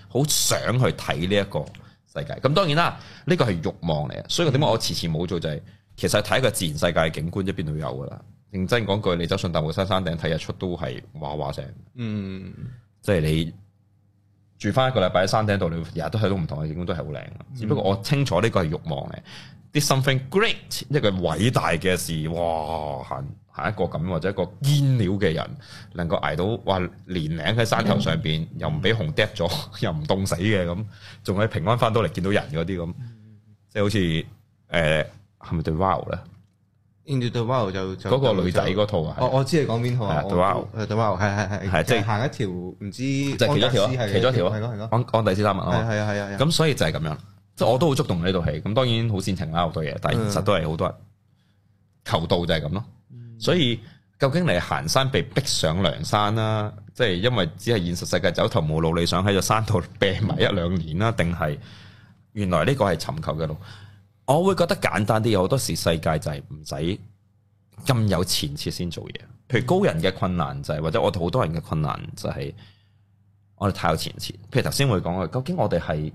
好想去睇呢一個世界，咁當然啦，呢個係欲望嚟，所以點解我遲遲冇做就係、是，其實睇一個自然世界嘅景觀一邊都有噶啦。認真講句，你走上大帽山山頂睇日出都係哇哇聲。嗯，即係你住翻一個禮拜喺山頂度，你日日都睇到唔同嘅景觀，都係好靚。嗯、只不過我清楚呢個係欲望嘅，啲 something great，一個偉大嘅事。哇，行係一個咁或者一個堅料嘅人，嗯、能夠挨到哇年齡，喺山頭上邊，又唔俾熊跌咗，又唔凍死嘅咁，仲係平安翻到嚟見到人嗰啲咁，即係好似誒係咪對 world 咧？呃是 Into the wild 就嗰個女仔嗰套啊！我我知你講邊套啊！The wild，The wild 係係係係即係行一條唔知安第斯其一條，其咗一條啊！安安第斯山脈啊！係啊係啊！咁所以就係咁樣，即係我都好觸動呢套戲。咁當然好煽情啦，好多嘢，但係現實都係好多人求道就係咁咯。所以究竟你行山被逼上梁山啦，即係因為只係現實世界走投無路，你想喺個山度病埋一兩年啦，定係原來呢個係尋求嘅路？我會覺得簡單啲，有好多時世界就係唔使咁有前設先做嘢。譬如高人嘅困難就係、是，或者我哋好多人嘅困難就係我哋太有前設。譬如頭先我講嘅，究竟我哋係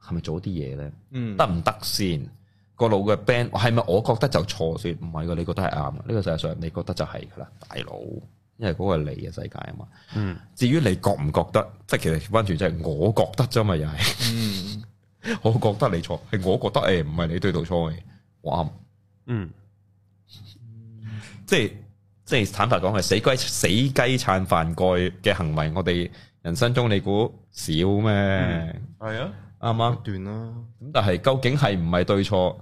係咪做啲嘢呢？嗯行行，得唔得先？個腦嘅 band 係咪？我覺得就錯算，唔係，個你覺得係啱呢個世界上你覺得就係噶啦，大佬，因為嗰個係你嘅世界啊嘛。嗯，至於你覺唔覺得？即係其實完全即係我覺得啫嘛，又係。嗯我覺得你錯，係我覺得誒，唔、欸、係你對到錯嘅，我啱，嗯，即係即係坦白講係死雞死雞撐飯蓋嘅行為，我哋人生中你估少咩？係啊、嗯，啱唔啱段啦？咁但係究竟係唔係對錯？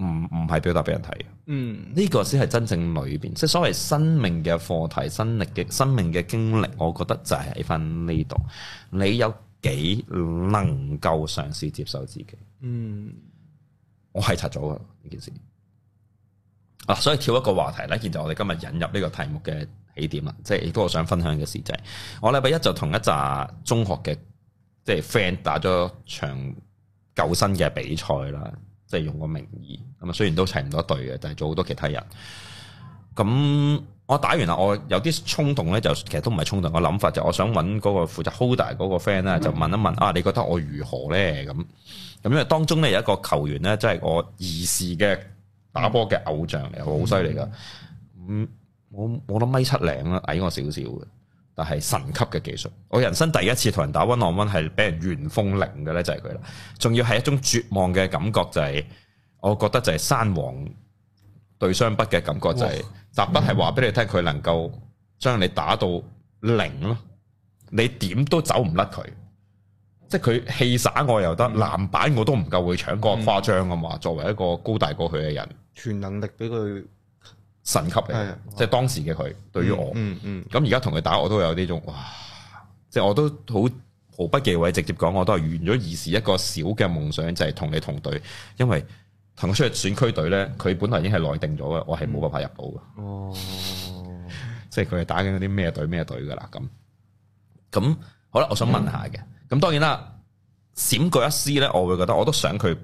唔唔係表達俾人睇，嗯，呢、這個先係真正裏邊，即係所謂生命嘅課題、生力嘅生命嘅經歷，我覺得就係喺翻呢度，你有。幾能夠嘗試接受自己？嗯，我係拆咗噶呢件事啊，所以跳一個話題咧，現在我哋今日引入呢個題目嘅起點啦，即係亦都我想分享嘅事就係、是，我禮拜一就同一扎中學嘅即係 friend 打咗場救生嘅比賽啦，即係用個名義咁啊，雖然都齊唔多隊嘅，但係做好多其他人咁。我打完啦，我有啲衝動咧，就其實都唔係衝動。我諗法就我想揾嗰個負責 holder 嗰個 friend 咧，就問一問啊，你覺得我如何咧？咁咁，因為當中咧有一個球員咧，真係我兒時嘅打波嘅偶像嚟，好犀利噶。嗯，我我諗米七零啦，矮我少少嘅，但係神級嘅技術。我人生第一次同人打温浪温，係俾人完封零嘅咧，就係佢啦。仲要係一種絕望嘅感覺、就係，就係我覺得就係山王對湘北嘅感覺就係、係。特不係話俾你聽，佢能夠將你打到零咯，你點都走唔甩佢。即係佢氣耍我又得，籃板、嗯、我都唔夠佢搶，過誇張啊嘛。作為一個高大過佢嘅人，全能力俾佢神級嘅，即係、哎、呀當時嘅佢。對於我，咁而家同佢打，我都有呢種哇，即係我都好毫不忌諱，直接講，我都係圓咗，兒時一個小嘅夢想，就係、是、同你同隊，因為。同出去選區隊咧，佢本來已經係內定咗嘅，我係冇辦法入到嘅。哦， [laughs] 即係佢係打緊嗰啲咩隊咩隊嘅啦。咁咁好啦，我想問下嘅。咁、嗯、當然啦，閃過一絲咧，我會覺得我都想佢，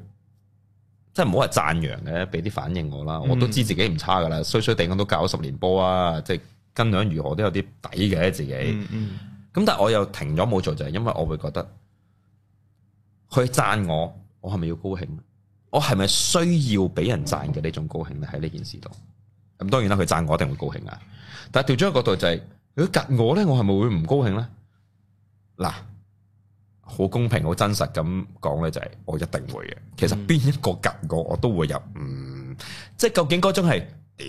即係唔好係讚揚嘅，俾啲反應我啦。嗯、我都知自己唔差噶啦，衰衰地我都教咗十年波啊，即係斤兩如何都有啲底嘅自己。咁、嗯嗯、但係我又停咗冇做，就係、是、因為我會覺得，佢讚我，我係咪要高興？我係咪需要俾人讚嘅呢種高興咧？喺呢件事度，咁當然啦，佢讚我一定會高興啊！但係調轉個角度就係，如果夾我咧，我係咪會唔高興咧？嗱，好公平，好真實咁講咧，就係、是、我一定會嘅。其實邊一個夾我，我、嗯嗯我，我都會入。嗯，即係究竟嗰種係屌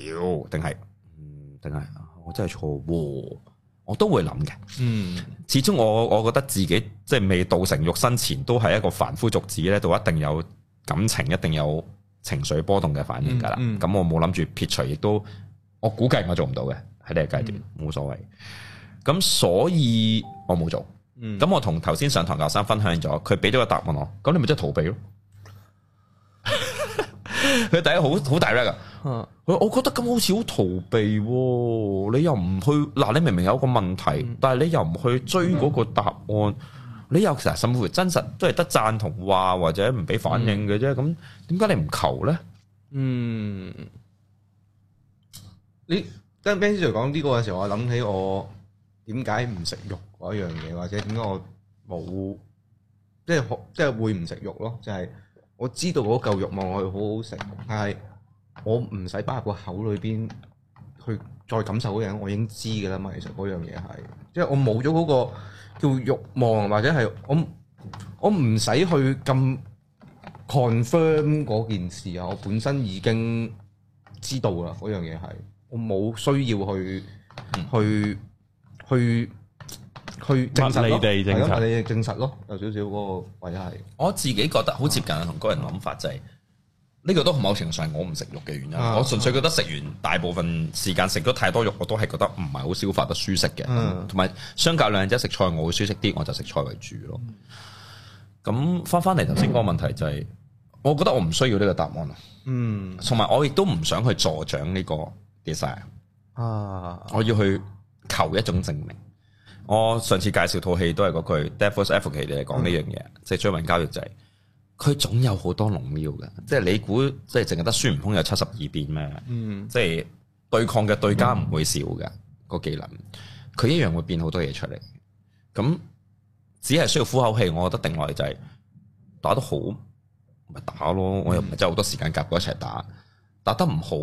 定係，嗯定係我真係錯，我都會諗嘅。嗯，始終我我覺得自己即係未道成肉身前，都係一個凡夫俗子咧，就一定有。感情一定有情緒波動嘅反應㗎啦，咁、嗯嗯、我冇諗住撇除，亦都我估計我做唔到嘅喺呢個階段，冇所謂。咁所以我冇做，咁我同頭先上堂教生分享咗，佢俾咗個答案我，咁你咪即係逃避咯。佢 [laughs] [laughs] 第一好好 direct 啊，佢我覺得咁好似好逃避，你又唔去嗱、啊，你明明有個問題，但係你又唔去追嗰個答案。嗯嗯你有時候甚至乎真實都係得贊同話或者唔俾反應嘅啫，咁點解你唔求咧？嗯，你聽 Benz Sir 講呢個嘅時候，我諗起我點解唔食肉嗰一樣嘢，或者點解我冇即係即係會唔食肉咯？就係、是就是就是、我知道嗰嚿肉望落去好好食，但係我唔使擺入個口裏邊去。再感受嗰樣，我已經知㗎啦嘛。其實嗰樣嘢係，即係我冇咗嗰個叫慾望，或者係我我唔使去咁 confirm 嗰件事啊。我本身已經知道啦，嗰樣嘢係，我冇需要去、嗯、去去去證實你哋係咁，你哋證實咯，有少少嗰、嗰個或者係。我自己覺得好接近同嗰、嗯、人諗法就係、是。呢個都係某程度上我唔食肉嘅原因，啊、我純粹覺得食完大部分時間食咗太多肉，我都係覺得唔係好消化得舒適嘅。同埋、嗯，相較兩者食菜，我會舒適啲，我就食菜為主咯。咁翻翻嚟頭先嗰個問題就係、是，我覺得我唔需要呢個答案啦。嗯，同埋我亦都唔想去助長呢個 design 啊，我要去求一種證明。我上次介紹套戲都係嗰句 Devil's Advocate 嚟講呢樣嘢，即係追問交易制。佢總有好多龍廟嘅，即係你估即係淨係得孫悟空有七十二變咩？嗯、即係對抗嘅對家唔會少嘅個技能，佢一樣會變好多嘢出嚟。咁只係需要呼口氣，我覺得定落嚟就係、係、打得好咪打咯，嗯、我又唔係真係好多時間夾佢一齊打，打得唔好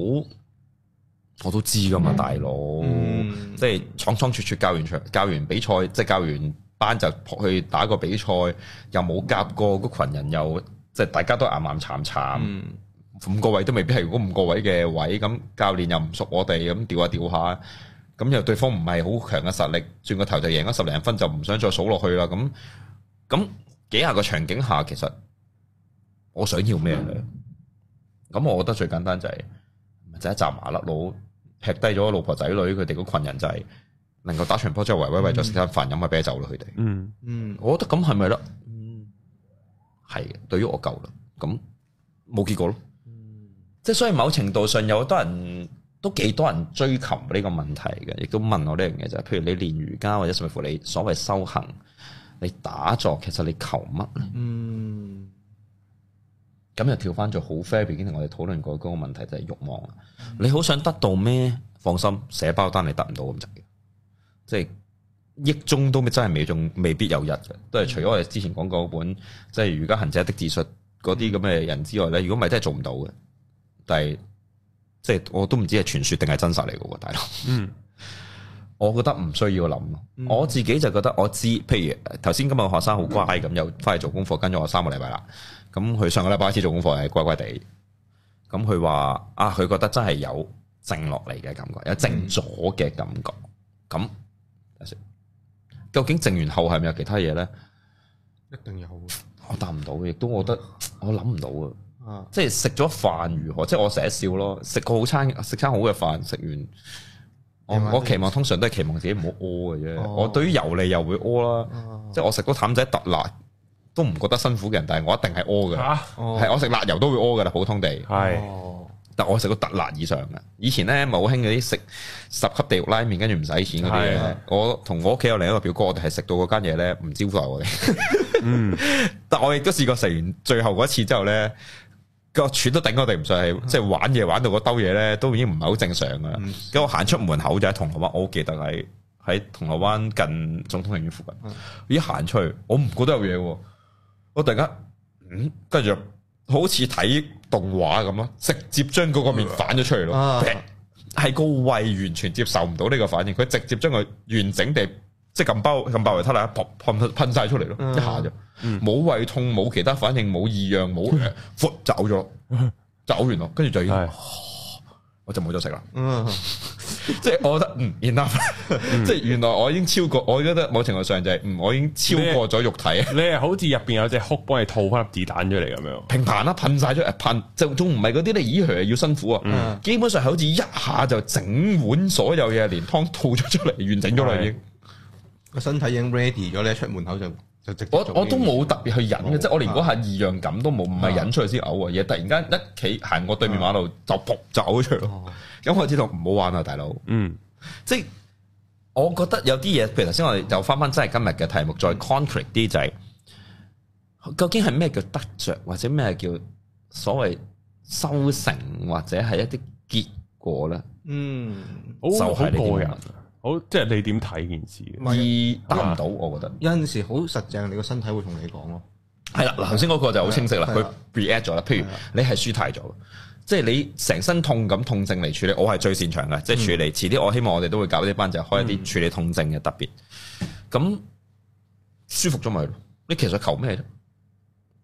我都知噶嘛，大佬，嗯、即係闖闖闖闖教完場教完比賽即係教完。班就去打個比賽，又冇夾過嗰群人又，又即係大家都岩岩慘慘，嗯、五個位都未必係五個位嘅位，咁教練又唔熟我哋，咁調下調下，咁又對方唔係好強嘅實力，轉個頭就贏咗十零分，就唔想再數落去啦。咁咁幾下個場景下，其實我想要咩？咁、嗯、我覺得最簡單就係、是、就是、一紮麻甩佬，劈低咗老婆仔女，佢哋嗰群人就係、是。能夠打場波之後，為為為咗食餐飯飲下啤酒咯，佢哋，嗯。嗯嗯，我覺得咁係咪咧？嗯，係。對於我夠啦，咁冇結果咯。嗯，即係所以某程度上，有好多人都幾多人追求呢個問題嘅，亦都問我呢樣嘢。就係，譬如你練瑜伽或者甚至乎你所謂修行，你打坐，其實你求乜咧？嗯，咁又跳翻咗好 fairly 已經，同我哋討論過嗰個問題，就係、是、慾望啊！嗯、你好想得到咩？放心，寫包單你得唔到咁就。即係億中都未真係未仲未必有日嘅。都係除咗我哋之前講過本，即係《儒家行者的自述》嗰啲咁嘅人之外咧，嗯、如果唔係真係做唔到嘅。但係即係我都唔知係傳說定係真實嚟嘅喎，大佬。嗯，我覺得唔需要諗、嗯、我自己就覺得我知，譬如頭先今日學生好乖咁，嗯、又翻去做功課，跟咗我三個禮拜啦。咁佢上個禮拜開始做功課係乖乖地，咁佢話啊，佢覺得真係有靜落嚟嘅感覺，有靜咗嘅感覺，咁。.究竟靜完後係咪有其他嘢咧？一定有。我答唔到，亦都我覺得我諗唔到啊！到即係食咗飯如何？即係我成日笑咯，食個好餐，食餐好嘅飯，食完我，我期望通常都係期望自己唔好屙嘅啫。哦、我對於油膩又會屙啦，哦、即係我食到淡仔特辣都唔覺得辛苦嘅人，但係我一定係屙㗎。係、啊、我食辣油都會屙噶啦，普通地係。哦哦我食過特辣以上嘅，以前咧某好興嗰啲食十級地獄拉麵，跟住唔使錢啲嘅。的我同我屋企有另一個表哥，我哋係食到嗰間嘢咧，唔招呼我哋。 [laughs] 但我亦都試過食完最後嗰一次之後咧，個喘都頂我哋唔上，係、嗯、即係玩嘢玩到嗰兜嘢咧，都已經唔係好正常噶啦。咁、嗯、我行出門口就喺銅鑼灣，我好記得喺喺銅鑼灣近總統醫院附近。我、嗯、一行出去，我唔覺得有嘢喎，我突然間嗯跟住好似睇。動畫咁咯，直接將嗰個麵反咗出嚟咯，係、啊、個胃完全接受唔到呢個反應，佢直接將佢完整地即係咁包咁包為他啦，噴噴噴晒出嚟咯，嗯、一下就冇、嗯、胃痛，冇其他反應，冇異樣，冇誒、呃， [laughs] 走咗，走完咯，跟住就。我就冇咗食啦。嗯，即係我覺得嗯，原來即係原來我已經超過，我覺得某程度上就係、是、嗯，我已經超過咗肉體。你係好似入邊有隻哭幫你吐翻粒子彈出嚟咁樣。平彈啦，噴晒出嚟，噴就仲唔係嗰啲咧？咦呵，要辛苦啊！嗯、基本上係好似一下就整碗所有嘢連湯吐咗出嚟，完整咗啦已經。個的身體已經 ready 咗，你一出門口就。我我都冇特別去忍嘅，嗯、即係我連嗰下異樣感都冇，唔係、嗯、忍出去先嘔啊！嘢、嗯、突然間一企行過對面馬路就撲走咗出咁、嗯、我知道唔好玩啊，大佬。嗯，即係我覺得有啲嘢，譬如頭先我哋就翻翻真係今日嘅題目，再 concrete 啲就係、是、究竟係咩叫得着，或者咩叫所謂修成，或者係一啲結果咧？嗯，就係呢個人。好，即係你點睇件事？唔係達唔到，的我覺得有陣時好實淨，你個身體會同你講咯。係啦，嗱，頭先嗰個就好清晰啦，佢 react 咗啦。譬如你係舒太咗，即係了你成身痛感痛症嚟處理，我係最擅長嘅，即、就、係、是、處理。遲啲、嗯、我希望我哋都會搞啲班就是、開一啲處理痛症嘅特別。咁、嗯、舒服咗咪？你其實求咩啫？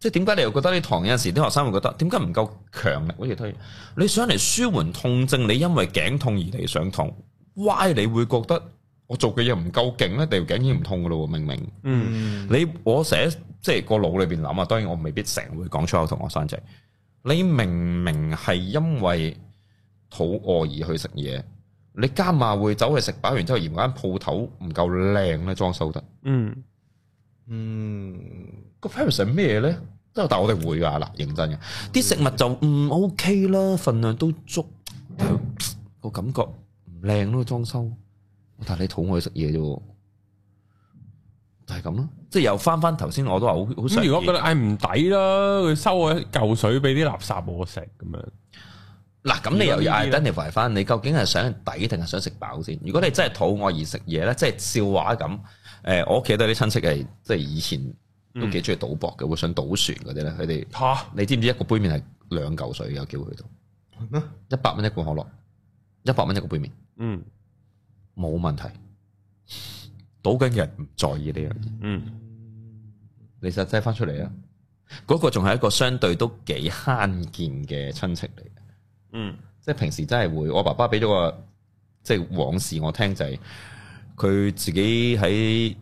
即係點解你又覺得你堂有陣時啲學生會覺得點解唔夠強力好似推？嗯嗯、你想嚟舒緩痛症，你因為頸痛而嚟上痛。歪，Why, 你會覺得我做嘅嘢唔夠勁咧，條頸已經唔痛噶咯，明明。嗯，你我成日即係個腦裏邊諗啊，當然我未必成日會講出口同學生仔。你明明係因為肚餓而去食嘢，你加埋會走去食飽完之後嫌間鋪頭唔夠靚咧，裝修得。嗯，嗯，個 service 係咩咧？都，但我哋會噶啦，認真嘅。啲、嗯、食物就唔 OK 啦，份量都足，個、嗯、感覺。靚咯裝修，但係你肚餓去食嘢啫，就係咁咯。即係又翻翻頭先，我都話好好。咁如果覺得嗌唔抵咯，佢收我一嚿水俾啲垃圾我食咁樣。嗱、啊，咁你又要 identify 翻，你究竟係想抵定係想食飽先？如果你真係肚餓而食嘢咧，即係笑話咁。誒、呃，我屋企都有啲親戚係即係以前都幾中意賭博嘅，嗯、會想賭船嗰啲咧。佢哋吓，啊、你知唔知一個杯麵係兩嚿水我叫佢去到？一百蚊一個可樂，一百蚊一個杯麵。嗯，冇問題。賭緊嘅人唔在意呢樣嘢。嗯，你實際翻出嚟啊？嗰、嗰個仲係一個相對都幾慳儉嘅親戚嚟嘅。嗯，即係平時真係會，我爸爸俾咗個即係往事我聽就係，佢自己喺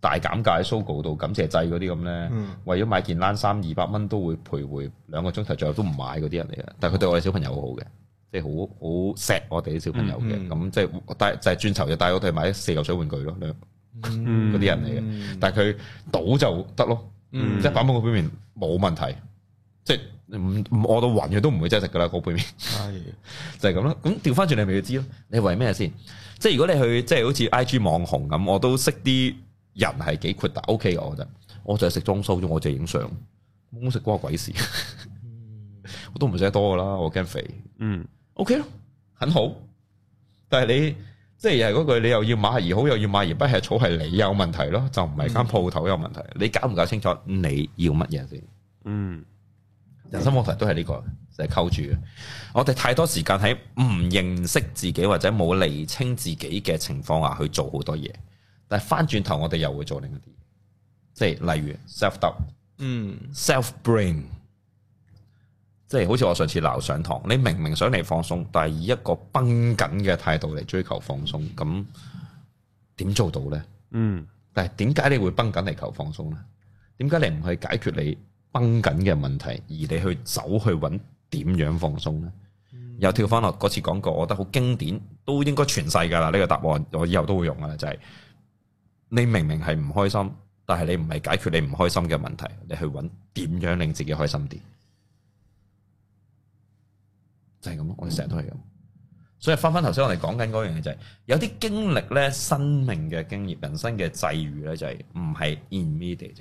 大減價喺 Sogo 度感謝祭嗰啲咁咧，嗯、為咗買件冷衫二百蚊都會徘徊兩個鐘頭，最後都唔買嗰啲人嚟嘅。但係佢對我哋小朋友好好嘅。即係好好錫我哋啲小朋友嘅，咁即係帶就係轉頭就帶我哋買四舊水玩具、嗯、咯，嗰啲人嚟嘅。但係佢倒就得咯，即係板板個杯麵冇問題，即係唔唔餓到暈佢都唔會真係食噶啦個杯麵。係就係咁啦。咁調翻轉你咪要知咯。你為咩先？即係如果你去即係好似 I G 網紅咁，我都識啲人係幾闊達 OK 我覺得，我就係食裝修，我就係影相，食瓜鬼事， [laughs] 我都唔食得多噶啦，我驚肥。嗯。O K 咯，okay，很好。但係你即係又係嗰句，你又要買而馬兒好，又要馬兒不吃草，係你有問題咯，就唔係間鋪頭有問題。嗯、你搞唔搞清楚你要乜嘢先？嗯，人生問題都係呢個，就係扣住嘅。嗯、我哋太多時間喺唔認識自己或者冇厘清自己嘅情況下去做好多嘢，但係翻轉頭我哋又會做另一啲，即係例如 self doubt，嗯，self bring 即係好似我上次鬧上堂，你明明想嚟放鬆，但係以一個繃緊嘅態度嚟追求放鬆，咁點做到呢？嗯，但係點解你會繃緊嚟求放鬆呢？點解你唔去解決你繃緊嘅問題，而你去走去揾點樣放鬆呢？嗯、又跳翻落嗰次講過，我覺得好經典，都應該全世噶啦。呢、這個答案我以後都會用噶啦，就係、是、你明明係唔開心，但係你唔係解決你唔開心嘅問題，你去揾點樣令自己開心啲。就係咁咯，我哋成日都係咁， [music] 所以翻翻頭先我哋講緊嗰樣嘢就係，有啲經歷咧，生命嘅經驗、人生嘅際遇咧，就係唔係 immediate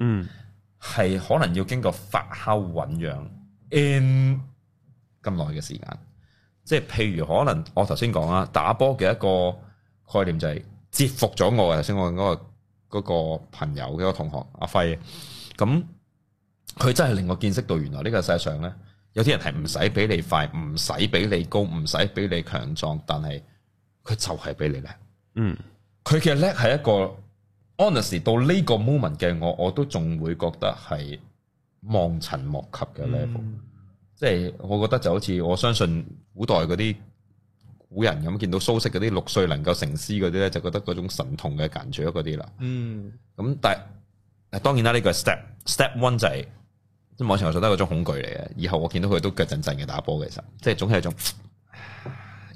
嗯，係可能要經過發酵、醞釀 in 咁耐嘅時間，即係譬如可能我頭先講啊，打波嘅一個概念就係折服咗我嘅，頭先我嗰個嗰個朋友嘅個同學阿輝，咁佢真係令我見識到原來呢個世界上咧。有啲人係唔使比你快，唔使比你高，唔使比你強壯，但係佢就係比你叻。嗯，佢嘅叻係一個、嗯、honest 到呢個 moment 嘅我，我都仲會覺得係望塵莫及嘅 level。嗯、即係我覺得就好似我相信古代嗰啲古人咁，見到蘇軾嗰啲六歲能夠成詩嗰啲咧，就覺得嗰種神童嘅揀著嗰啲啦。嗯，咁但係當然啦，呢、這個 step step one 就係、是。即網上我覺得係一種恐懼嚟嘅，以後我見到佢都腳震震嘅打波嘅時候，即係總係一種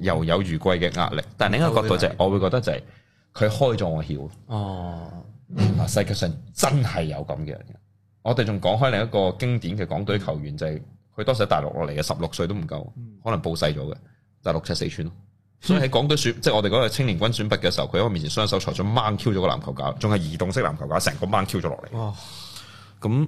猶有餘悸嘅壓力。但另一個角度就係，我會覺得就係佢開咗我竅。哦，啊，世界上真係有咁嘅人。我哋仲講開另一個經典嘅港隊球員就係，佢當時喺大陸落嚟嘅，十六歲都唔夠，可能暴細咗嘅，就六尺四寸咯。所以喺港隊選，即係我哋嗰個青年軍選拔嘅時候，佢喺我面前雙手抬咗掹 Q 咗個籃球架，仲係移動式籃球架，成個掹 Q 咗落嚟。哦，咁。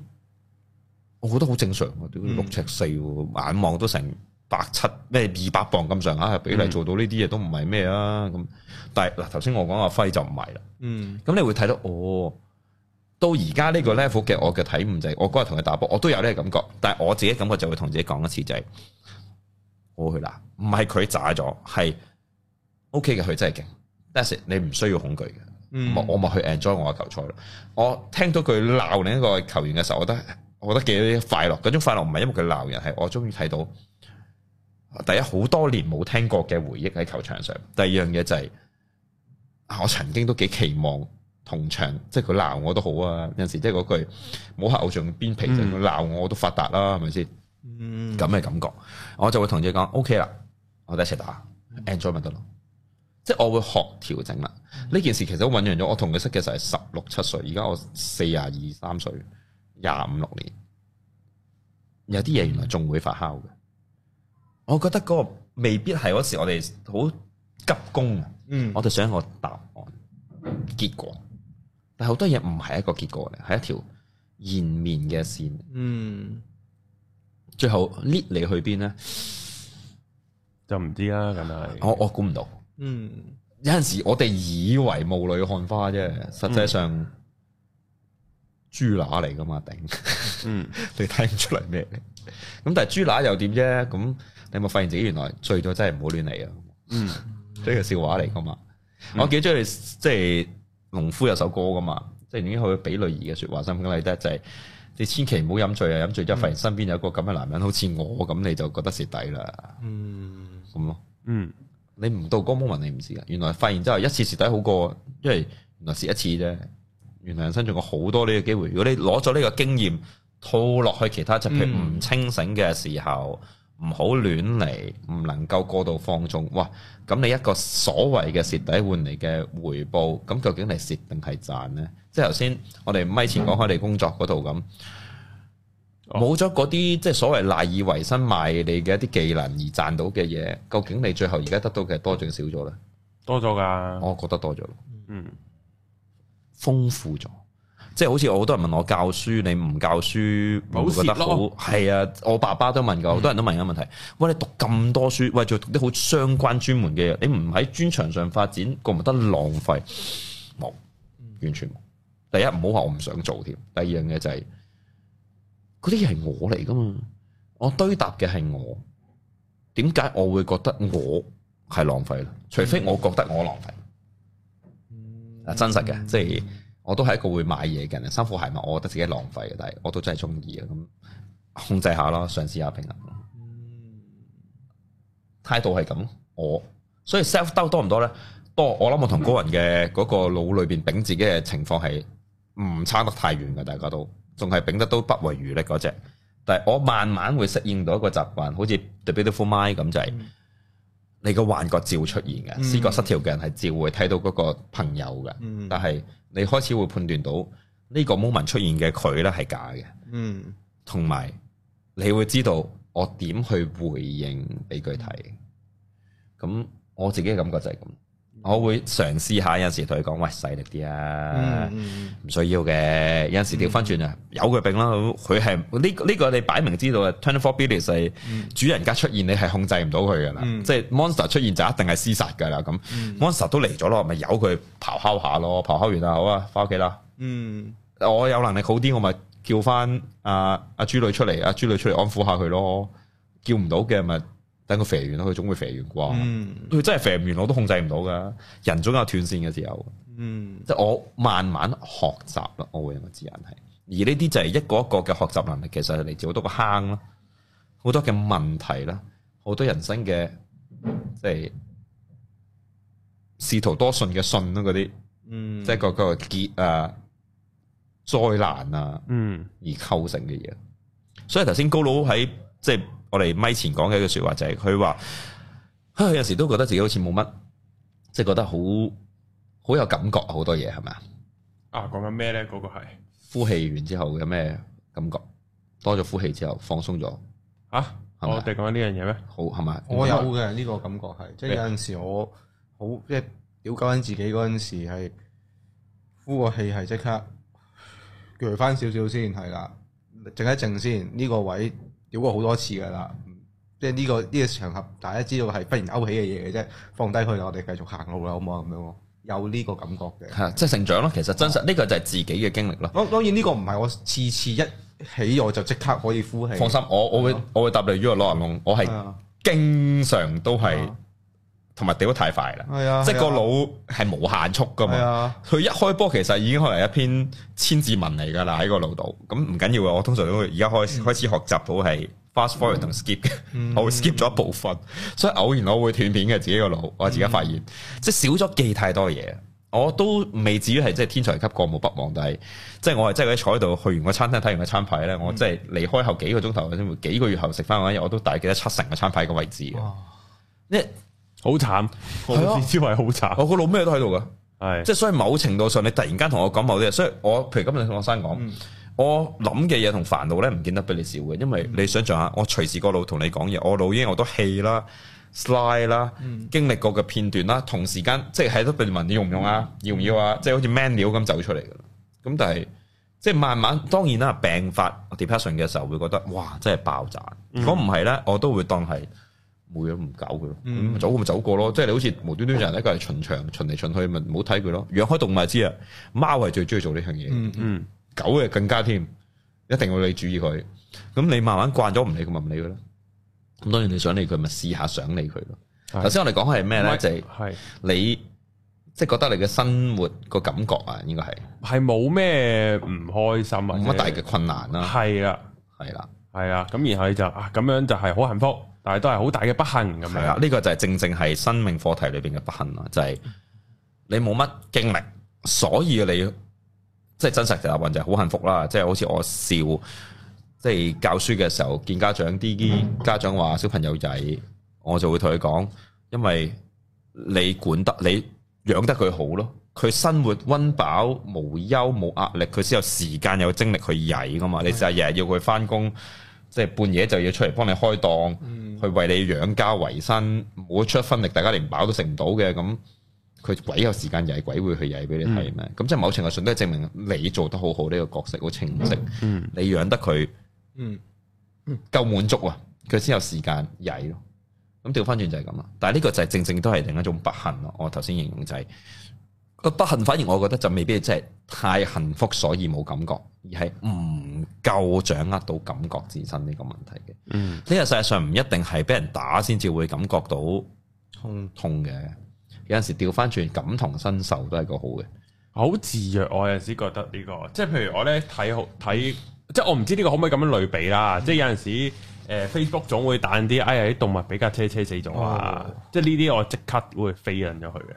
我覺得好正常，啊。六尺四、啊，嗯、眼望都成百七咩，二百磅咁上下係比例做到呢啲嘢都唔係咩啊咁。但係嗱，頭先我講阿輝就唔係啦。嗯。咁你會睇到，哦，到而家呢個 level 嘅，我嘅體悟就係我嗰日同佢打波，我都有呢個感覺。但係我自己感覺就會同自己講一次就係、是，我去啦，唔係佢渣咗，係 O K 嘅，佢、okay、真係勁。That's it，你唔需要恐懼嘅，咁、嗯、我咪去 enjoy 我嘅球賽咯。我聽到佢鬧另一個球員嘅時候，我覺得。.我覺得幾快樂，嗰種快樂唔係因為佢鬧人，係我終於睇到第一好多年冇聽過嘅回憶喺球場上。第二樣嘢就係、是、我曾經都幾期望同場，即係佢鬧我都好啊。有陣時即係嗰句冇黑偶像邊皮就我，就鬧我都發達啦，係咪先？嗯，咁嘅感覺，我就會同你講，O K 啦，我哋一齊打，enjoy 咪得咯。即係我會學調整啦。呢、嗯、件事其實我醞釀咗，我同佢識嘅時候係十六七歲，而家我四十二三歲。廿五六年，有啲嘢原來仲會發酵嘅。我覺得嗰個未必係嗰時我哋好急功啊。嗯，我哋想一個答案結果，但好多嘢唔係一個結果嚟，係一條延綿嘅線。嗯，最後 lift 你去邊呢？就唔知啦，梗係我我估唔到。嗯，有陣時我哋以為霧裏看花啫，實際上、嗯。豬乸嚟噶嘛，頂、嗯， [laughs] 你睇唔出嚟咩？咁 [laughs] 但係豬乸又點啫？咁你咪冇發現自己原來醉咗真係唔好亂嚟啊？嗯，呢個， [laughs] 笑話嚟噶嘛？嗯、我幾中意即係農夫有首歌噶嘛？即係點解佢會俾女兒嘅說話？心梗嚟得就係、是、你千祈唔好飲醉啊！飲醉之後發現身邊有個咁嘅男人，好似我咁，你就覺得蝕底啦。嗯，咁咯樣，嗯，你唔到 moment，你唔知噶。原來發現之後一次蝕底好過，因為原來蝕一次啫。原來人生仲有好多呢個機會。如果你攞咗呢個經驗套落去其他，就譬如唔清醒嘅時候，唔好亂嚟，唔能夠過度放縱。哇！咁你一個所謂嘅蝕底換嚟嘅回報，咁究竟係蝕定係賺呢？即係頭先我哋咪前講開你工作嗰度咁，冇咗嗰啲即係所謂賴以為生賣你嘅一啲技能而賺到嘅嘢，究竟你最後而家得到嘅多仲少咗呢？多咗㗎，我覺得多咗。嗯。豐富咗，即係好似我好多人問我教書，你唔教書唔覺得好？係啊，我爸爸都問過，好、嗯、多人都問一個問題：喂，你讀咁多書，喂，仲讀啲好相關專門嘅嘢，你唔喺專長上發展，覺唔覺得浪費？冇，完全冇。第一，唔好話我唔想做添。第二樣嘢就係、是，嗰啲係我嚟噶嘛，我對答嘅係我。點解我會覺得我係浪費咧？除非我覺得我浪費。嗯啊！真實嘅，即係我都係一個會買嘢嘅人，衫褲鞋襪，我覺得自己浪費嘅，但係我都真係中意啊！咁、嗯、控制下咯，嘗試下平衡咯，態度係咁，我所以 self doubt 多唔多咧？多，我諗我同高人嘅嗰個腦裏邊掟自己嘅情況係唔差得太遠嘅，大家都仲係掟得都不為餘力嗰隻。但係我慢慢會適應到一個習慣，好似 The Beautiful Mind 咁就係。嗯你個幻覺照出現嘅，思、嗯、覺失調嘅人係照會睇到嗰個朋友嘅，嗯、但係你開始會判斷到呢個 moment 出現嘅佢呢係假嘅，嗯，同埋你會知道我點去回應俾佢睇，咁、嗯、我自己嘅感覺就係咁。我會嘗試下，有陣時同佢講，喂，細力啲啊，唔需要嘅。有陣時調翻轉啊，由佢病啦。佢係呢呢個你擺明知道啊，twenty four Billy 係主人家出現，你係控制唔到佢噶啦。嗯、即係 monster 出現就一定係廝殺噶啦，咁、嗯、monster 都嚟咗咯，咪由佢咆哮下咯，咆哮完啊，好啊，翻屋企啦。嗯，我有能力好啲，我咪叫翻阿阿朱女出嚟，阿、啊、朱女出嚟安撫下佢咯。叫唔到嘅咪。等佢肥完啦，佢總會肥完啩。佢、嗯、真係肥唔完，我都控制唔到噶。人總有斷線嘅時候。嗯、即係我慢慢學習啦，我嘅自然係。而呢啲就係一個一個嘅學習能力，其實係嚟自好多個坑啦，好多嘅問題啦，好多人生嘅即係試圖多信嘅信啦，嗰啲，嗯、即係嗰個結啊、災難啊，嗯，而構成嘅嘢。所以頭先高佬喺即係。我哋咪前講嘅一句說話就係佢話，有陣時都覺得自己好似冇乜，即、就、係、是、覺得好好有感覺好多嘢係咪啊？啊講緊咩咧？嗰、那個係呼氣完之後嘅咩感覺？多咗呼氣之後放鬆咗啊？吧我哋講緊呢樣嘢咩？好係咪？我有嘅呢、這個感覺係你，即係有陣時我好即係了解緊自己嗰陣時係呼個氣係即刻舉翻少少先係啦，靜一靜先呢個位。屌過好多次噶啦，即係呢個呢、呢個場合，大家知道係忽然勾起嘅嘢嘅啫。放低佢，我哋繼續行路啦，好唔好？咁樣，有呢個感覺嘅，係即係成長咯。其實真實呢、哦、個就係自己嘅經歷咯。當然呢個唔係我次次一起我就即刻可以呼氣。放心，我我會，的我，會我會答你，You are not alone，我係的經常都係。同埋掉得太快啦，哎、呀即係個腦係無限速噶嘛。佢、哎、呀一開波其實已經可能一篇千字文嚟噶啦喺個腦度。咁唔緊要啊，我通常都而家開始、嗯、開始學習到係 fast forward 同 skip、嗯、 [laughs] 我會 skip 咗一部分，嗯、所以偶然我會斷片嘅自己個腦。嗯、我而家發現，嗯、即係少咗記太多嘢，我都未至於係即係天才級過目不忘，但係即係我係即係喺坐喺度去完個餐廳睇完個餐牌咧，我即係離開後幾個鐘頭，甚至乎幾個月後食翻嗰日，我都大記得七成嘅餐牌個位置嘅。好慘，係咯，思維好慘。我個腦咩都喺度嘅，係是，即係所以某程度上，你突然間同我講某啲嘢。所以我譬如今日同學生講，嗯、我諗嘅嘢同煩惱咧，唔見得比你少嘅，因為你想象下，我隨時個腦同你講嘢，我腦已經我都氣啦、slide 啦、經歷過嘅片段啦，同時間即係喺度問你用唔用啊？嗯、要唔要啊？嗯、即係好似 m e n u 咁走出嚟嘅，咁但係即係慢慢，當然啦，病發 depression 嘅時候會覺得，哇，真係爆炸！如果唔係咧，我都會當係。冇嘢唔搞佢咯，咁走咁咪走過咯。即係你好似無端端有人一佢係巡場巡嚟巡去，咪唔好睇佢咯。養開動物知啊，貓係最中意做呢樣嘢。嗯嗯，狗係更加添，一定要你注意佢。咁你慢慢慣咗唔理佢咪唔理佢咯。咁當然你想理佢咪試下想理佢咯。頭先我哋講係咩咧？就係你即係覺得你嘅生活個感覺啊，應該係係冇咩唔開心啊，冇乜大嘅困難啊。係啦，係啦，係啦。咁然後你就啊，咁樣就係好幸福。但係都係好大嘅不幸咁樣，呢個就係正正係生命課題裏邊嘅不幸咯，就係、是、你冇乜經歷，所以你即係、就是、真實嘅答案就好幸福啦。即、就、係、是、好似我笑，即、就、係、是、教書嘅時候見家長啲啲，家長話小朋友曳，我就會同佢講，因為你管得你養得佢好咯，佢生活溫飽無憂冇壓力，佢先有時間有精力去曳噶嘛。你就日日要佢翻工。即係半夜就要出嚟幫你開檔，去為你養家維生，唔好出分力，大家連飽都食唔到嘅咁，佢鬼有時間曳鬼會去曳俾你睇咩？咁、嗯、即係某程度上都係證明你做得好好呢、這個角色好清晰，你養得佢，嗯，夠滿、嗯嗯、足啊，佢先有時間曳咯。咁調翻轉就係咁啦。但係呢個就正正都係另一種不幸咯。我頭先形容就係、個不幸，反而我覺得就未必真係太幸福，所以冇感覺，而係唔。嗯夠掌握到感覺自身呢個問題嘅，呢個事實上唔一定係俾人打先至會感覺到痛痛嘅，嗯、有陣時調翻轉感同身受都係個好嘅，好自弱。我有陣時覺得呢、這個，即係譬如我咧睇好睇，即係我唔知呢個可唔可以咁樣類比啦。即係有陣時誒、呃、，Facebook 總會彈啲哎呀啲動物俾架車車死咗啊，哦、即係呢啲我即刻會飛印咗佢嘅。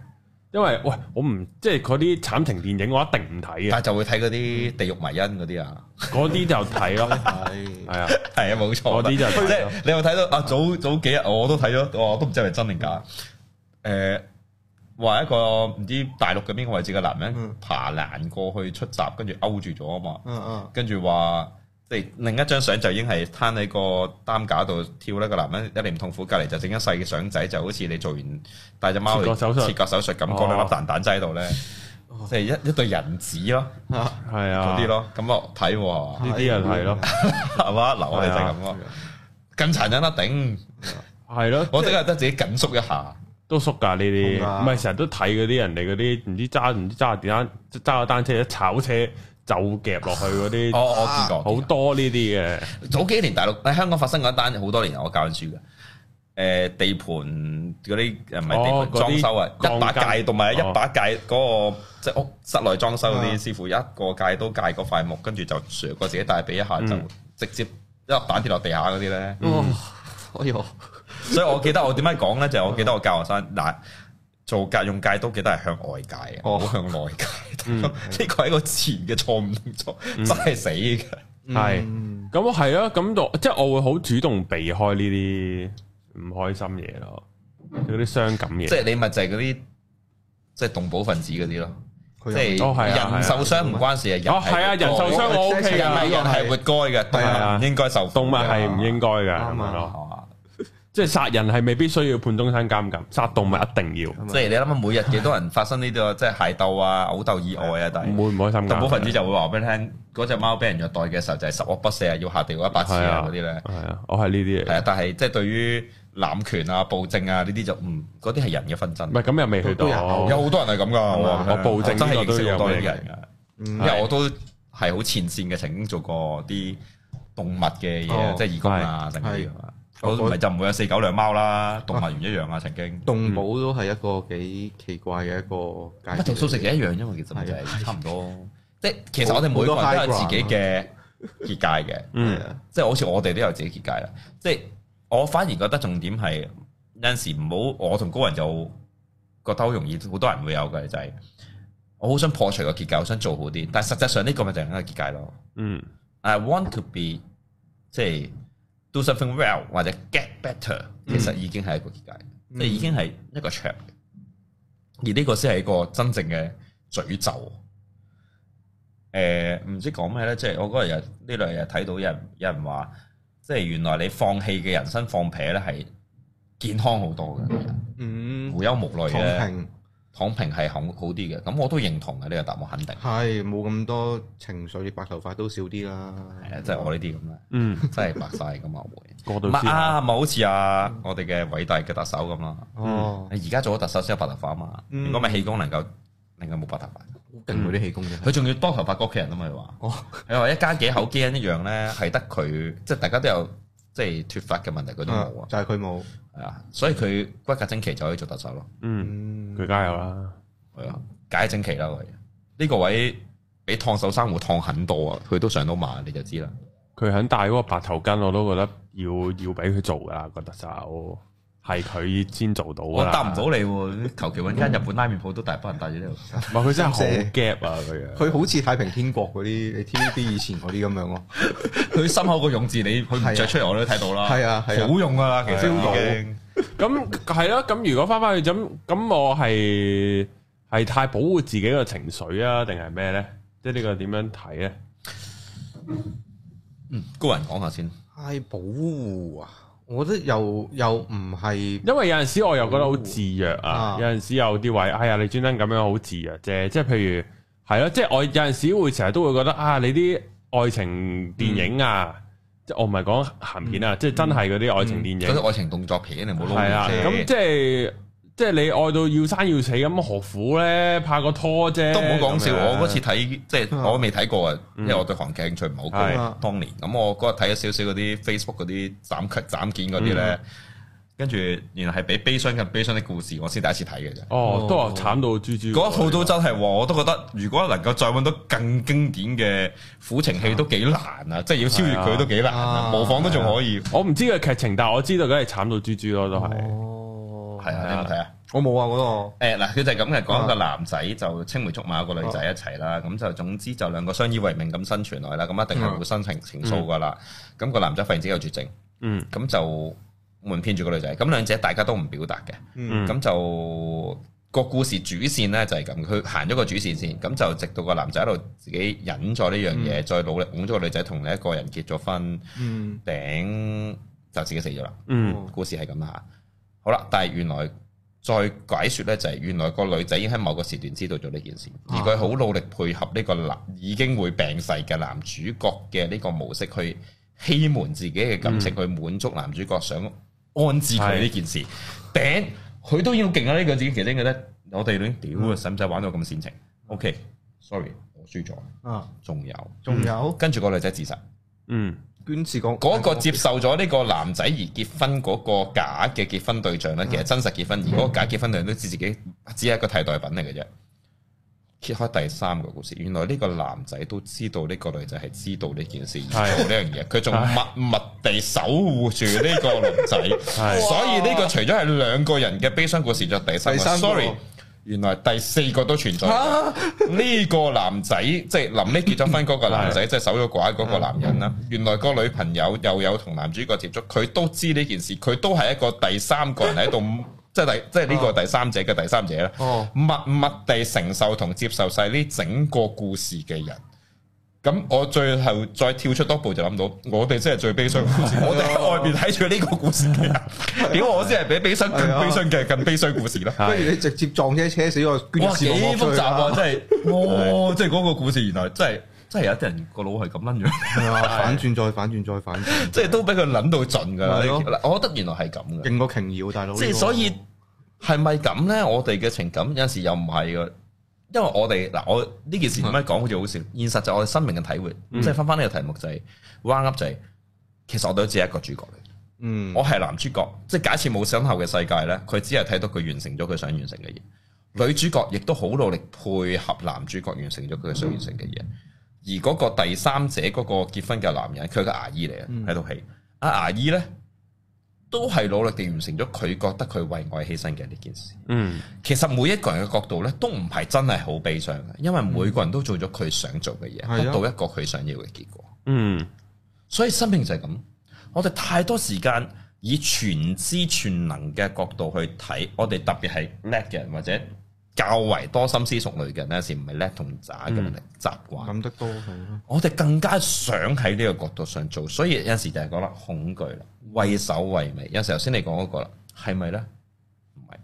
因為喂，我唔即係嗰啲慘情電影，我一定唔睇嘅。但就會睇嗰啲地獄迷因嗰啲、嗯、啊，嗰啲就睇咯。係係啊，係啊，冇錯。嗰啲就即係你有睇到啊？早早幾日我都睇咗，我都唔知係咪真定假。誒、呃，話一個唔知大陸嘅邊個位置嘅男人、嗯、爬欄過去出閘，跟住勾住咗啊嘛。嗯嗯，跟住話。即係另一張相就已經係攤喺個擔架度跳咧個男人一嚟唔痛苦，隔離就整一細嘅相仔，就好似你做完帶隻貓去切割手術咁，嗰兩粒蛋蛋仔喺度咧，即係一一對人紙咯，係啊嗰啲咯，咁啊睇喎，呢啲係咯，係嘛？嗱我哋就係咁咯，咁殘忍啦，頂係咯，我都係得自己緊縮一下，都縮噶呢啲，唔係成日都睇嗰啲人哋嗰啲唔知揸唔知揸電單揸個單車一炒車。就夾落去嗰啲、啊啊，我我見過好、啊、多呢啲嘅。早幾年大陸喺、啊、香港發生嗰單，好多年我教緊書嘅。誒、呃、地盤嗰啲誒唔係地盤裝修啊，一把戒同埋一把戒嗰、嗰個即係屋室內裝修嗰啲、啊、師傅，一個戒都戒嗰塊木，跟住就上個自己大髀一下、嗯、就直接一板跌落地下嗰啲咧。嗯哦、所以我記得我點樣講咧，就係、我記得我教學生，唔做界用界都記得係向外界啊，唔好向內界。呢個係一個前嘅錯誤動作，真係死嘅。係咁，我係啊，咁就，即係我會好主動避開呢啲唔開心嘢咯，嗰啲傷感嘢。即係你咪就係嗰啲，即係動保分子嗰啲咯。即係人受傷唔關事啊！哦，係啊，人受傷我 OK 嘅，人係活該嘅，對啊，應該受動啊，係唔應該嘅。即係殺人係未必需要判終身監禁，殺動物一定要。即係你諗下，每日幾多人發生呢個即係械鬥啊、毆鬥意外啊，但係唔會唔開心噶。部分人就會話俾你聽，嗰隻貓俾人虐待嘅時候就係十惡不赦，要下掉一百次啊嗰啲咧。係啊，我係呢啲嘢。係啊，但係即係對於濫權啊、暴政啊呢啲就唔，嗰啲係人嘅紛爭。唔係咁又未去到，有好多人係咁噶。我暴政真係都認識多啲人噶，因為我都係好前線嘅，曾經做過啲動物嘅嘢，即係義工啊定係。我就唔會有四狗兩貓啦，動物園一樣啊！曾經，啊、動保都係一個幾奇怪嘅一個界。同素食嘅一樣，因為其實就係差唔多。即係是的 [laughs] 其實我哋每個人都有自己嘅結界嘅。 [laughs] 嗯，即係好似我哋都有自己結界啦。即、就、係、是、我反而覺得重點係有陣時唔好。我同高人就覺得好容易，好多人會有嘅就係、是、我好想破除個結界，我想做好啲。但係實際上呢個咪就係一個結界咯。嗯，I want to be 即、就、係、是。Do something well 或者 get better，嗯、其實已經係一個結界，嗯、即係已經係一個牆嘅。而呢個先係一個真正嘅詛咒。誒、呃，唔知講咩咧？即、就、係、是、我嗰日呢兩日睇到有人有人話，即、就、係、是、原來你放棄嘅人生放撇咧，係健康好多嘅。嗯，無憂無慮嘅。躺平係好好啲嘅，咁我都認同嘅呢個答案肯定。係冇咁多情緒，白頭髮都少啲啦。係啊，即、啊、係、啊啊啊、我呢啲咁啦。嗯，真係白晒噶嘛會。唔啊咪好似啊我哋嘅偉大嘅特首咁咯。哦，而家做咗特首先有白頭髮啊嘛。如果咪氣功能夠令佢冇白頭髮，練佢啲氣功嘅。佢仲、嗯、要多頭髮過屋企人啊嘛？你話。哇、哦！你話 [laughs] 一家幾口基因一樣咧，係得佢即係大家都有。即係脫髮嘅問題，啊，佢都冇啊，就係佢冇，係啊，所以佢骨骼精奇就可以做特首咯。嗯，佢梗有啦，係啊，嗯，解精奇啦位，呢、呢個位比燙手山芋燙很多啊，佢都上到馬你就知啦。佢肯戴嗰個白頭巾，我都覺得要要俾佢做㗎啦，個特首。係佢先做到啦。我答唔到你，求其揾間日本拉麵鋪都大把人戴住你。唔係佢真係好夾啊！佢佢 [laughs] 好似太平天國嗰啲 TVB 以前嗰啲咁樣咯。佢 [laughs] 心 [laughs] 口個勇字你，你佢唔着出嚟，我都睇到啦。係啊，好、啊啊、用噶啦，其實咁係咯。咁、 [laughs] 啊、如果翻翻去咁，咁我係係太保護自己情緒、就是、個情緒啊，定係咩咧？即係呢個點樣睇咧？嗯，高人講下先。係保護啊！我覺得又又唔係，因為有陣時我又覺得好自虐。啊。啊有陣時有啲位，哎呀，你專登咁樣好自虐啫。即係譬如係咯、啊，即係我有陣時會成日都會覺得啊，你啲愛情電影啊，即係、嗯、我唔係講鹹片啊，嗯、即係真係嗰啲愛情電影。嗰啲、嗯嗯、愛情動作片你唔好攞嚟。係啊，咁即係。即係你愛到要生要死咁，何苦咧？拍個拖啫，都唔好講笑。我嗰次睇，即係我未睇過啊，因為我對韓劇興趣唔好高。當年咁，我嗰日睇咗少少嗰啲 Facebook 嗰啲斬劇斬件嗰啲咧，跟住原來係比悲傷更悲傷的故事，我先第一次睇嘅啫。哦，都係慘到豬豬嗰套都真係，我都覺得如果能夠再搵到更經典嘅苦情戲都幾難啊！即係要超越佢都幾難，模仿都仲可以。我唔知佢劇情，但係我知道梗係慘到豬豬咯，都係。係啊，你有冇睇啊？我冇啊，嗰個誒，嗱，佢就係咁嘅，講一個男仔就青梅竹馬一個女仔一齊啦，咁就總之就兩個相依為命咁生存落去啦，咁一定係會生情情愫噶啦。咁個男仔發現自己有絕症，咁就瞞騙住個女仔，咁兩者大家都唔表達嘅，咁就個故事主線咧就係咁，佢行咗個主線先，咁就直到個男仔喺度自己忍咗呢樣嘢，再努力哄咗個女仔同你一個人結咗婚，頂就自己死咗啦。嗯，故事係咁吓。好啦，但係原來再解説咧，就係、是、原來個女仔已經喺某個時段知道咗呢件事，啊、而佢好努力配合呢個男已經會病逝嘅男主角嘅呢個模式，去欺瞞自己嘅感情，嗯、去滿足男主角想安置佢呢件事。頂是，佢都要勁啊！呢、這個自己其實嘅咧，okay, sorry，我哋亂屌啊，使唔使玩到咁煽情？OK，sorry，我輸咗。啊，仲有，仲、嗯、有，嗯、跟住個女仔自殺。嗯。捐嗰個，個接受咗呢個男仔而結婚嗰個假嘅結婚對象呢，其實真實結婚，嗯、而嗰個假結婚對象都自己只係一個替代品嚟嘅啫。揭開第三個故事，原來呢個男仔都知道呢個女仔係知道呢件事的而做呢樣嘢，佢仲默默地守護住呢個女仔，的所以呢個除咗係兩個人嘅悲傷故事，仲有第三個。第三個 Sorry, 原來第四個都存在，呢個男仔即係臨尾結咗婚嗰個男仔， [laughs] 即係 [laughs] 守咗寡嗰個男人啦。嗯人啊、原來個女朋友又有同男主角接觸，佢都知呢件事，佢都係一個第三個人喺度， [laughs] 即係第即係呢個第三者嘅第三者啦。默默、哦、地承受同接受晒呢整個故事嘅人。咁我最後再跳出多步就諗到，我哋真係最悲傷嘅故事。我哋喺外邊睇住呢個故事嘅，如果我真係比悲傷更悲傷嘅更悲傷故事啦。不如你直接撞車車死個捐屍佬幾複雜啊！真係，哇，即係嗰個故事原來真係真係有啲人個腦係咁樣樣，反轉再反轉再反轉，即係都俾佢諗到盡㗎。嗱，我覺得原來係咁嘅。勁過瓊瑤大佬。即係所以係咪咁咧？我哋嘅情感有時又唔係㗎。因為我哋嗱，我呢件事點樣講好似好笑，現實就係我哋生命嘅體會，即係翻翻呢個題目就係彎噏就係、是，其實我都只係一個主角嚟。嗯，我係男主角，即係假設冇想後嘅世界咧，佢只係睇到佢完成咗佢想完成嘅嘢，嗯、女主角亦都好努力配合男主角完成咗佢想完成嘅嘢，嗯、而嗰個第三者嗰、嗰個結婚嘅男人，佢個牙醫嚟嘅，喺度戲，啊牙醫咧。都係努力地完成咗佢覺得佢為愛犧牲嘅呢件事。嗯，其實每一個人嘅角度咧，都唔係真係好悲傷嘅，因為每個人都做咗佢想做嘅嘢，嗯、得到一個佢想要嘅結果。嗯，所以生命就係咁，我哋太多時間以全知全能嘅角度去睇，我哋特別係叻嘅人或者。較為多心思熟慮嘅人，有時唔係叻同渣嘅習慣。嗯、諗得多、我哋更加想喺呢個角度上做，所以有時就係覺得恐懼啦，畏首畏尾。有時候先你講嗰、嗰個啦，係咪咧？唔係。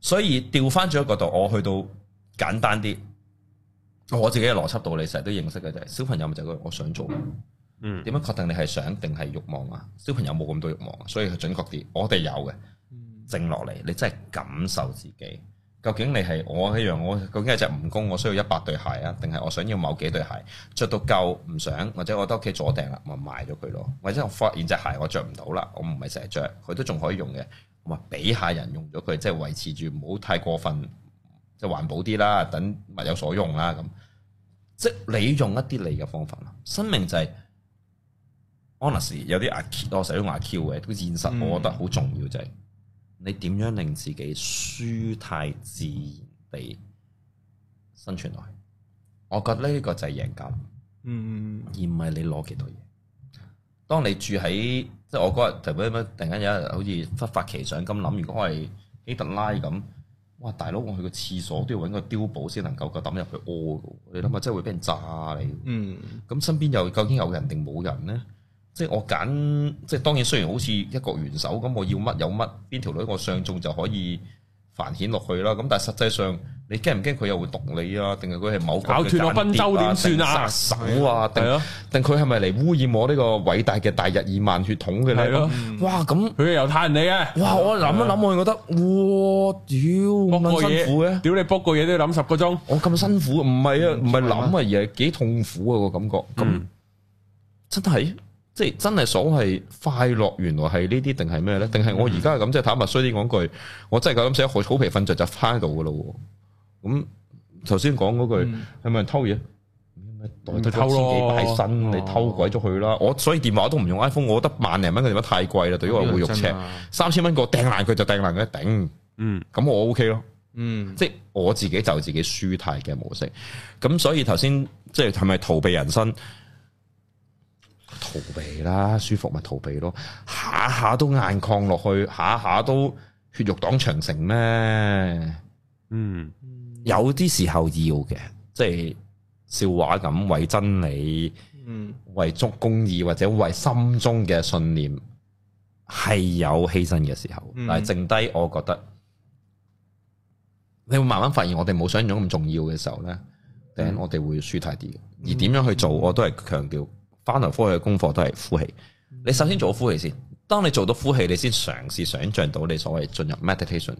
所以調翻咗個角度，我去到簡單啲，我自己嘅邏輯道理成日都認識嘅就係、是、小朋友咪就係個我想做。嗯，點樣確定你係想定係慾望啊？小朋友冇咁多慾望，所以係準確啲。我哋有嘅靜落嚟，你真係感受自己。究竟你係我一樣？我究竟係一隻蜈蚣，我需要一百對鞋啊？定係我想要某幾對鞋着到夠唔想，或者我得屋企左訂啦，我賣咗佢咯。或者我發現隻鞋我着唔到啦，我唔係成日着，佢都仲可以用嘅，我咪俾下人用咗佢，即係維持住唔好太過分，即係環保啲啦，等物有所用啦咁。即係你用一啲你嘅方法啦，生命就係安樂時有啲阿 Q，我成日都用阿 Q 嘅，個現實我覺得好重要就係。嗯你點樣令自己舒泰自然地生存落去？我覺得呢個就係贏感，嗯，而唔係你攞幾多嘢。當你住喺即係我嗰日，特突然間有一日好似忽發奇想咁諗，如果我係希特拉咁，哇！大佬我去個廁所都要揾個碉堡先能夠夠膽入去屙，你諗下，真係會俾人炸你，嗯。咁身邊又究竟有人定冇人咧？即係我揀，即係當然，雖然好似一國元首咁，我要乜有乜，邊條女我上眾就可以繁衍落去啦。咁但係實際上，你驚唔驚佢又會毒你啊？定係佢係某搞斷我賓州點算啊？殺手啊？係咯？定佢係咪嚟污染我呢個偉大嘅大日耳曼血統嘅？係咯。哇！咁佢係猶太人嚟嘅。哇！我諗一諗，我係覺得，哇！屌我辛苦嘅，屌你卜個嘢都要諗十個鐘。我咁辛苦，唔係啊，唔係諗啊，而係幾痛苦啊個感覺。嗯，真係。即係真係所謂快樂，原來係呢啲定係咩咧？定係我而家咁，即係坦白衰啲講句，我真係咁寫，好皮瞓着就翻到噶咯。咁頭先講嗰句係咪、嗯、偷嘢？代偷咯，你偷鬼咗去啦！哦、我所以電話都唔用 iPhone，我覺得萬零蚊嘅電話太貴啦，對於我會肉赤，嗯、三千蚊個掟爛佢就掟爛佢，一頂。嗯，咁我 OK 咯。嗯，即係我自己就自己舒泰嘅模式。咁所以頭先即係係咪逃避人生？逃避啦，舒服咪逃避咯，下下都硬抗落去，下下都血肉擋長城咩？嗯，有啲時候要嘅，即係笑話咁為真理，嗯，為足公義或者為心中嘅信念，係有犧牲嘅時候。但係剩低，我覺得、嗯、你會慢慢發現，我哋冇想象中咁重要嘅時候咧，嗯、等我哋會舒太啲。而點樣去做，我都係強調。翻頭科嘅功課都係呼氣，你首先做呼氣先。當你做到呼氣，你先嘗試想像到你所謂進入 meditation，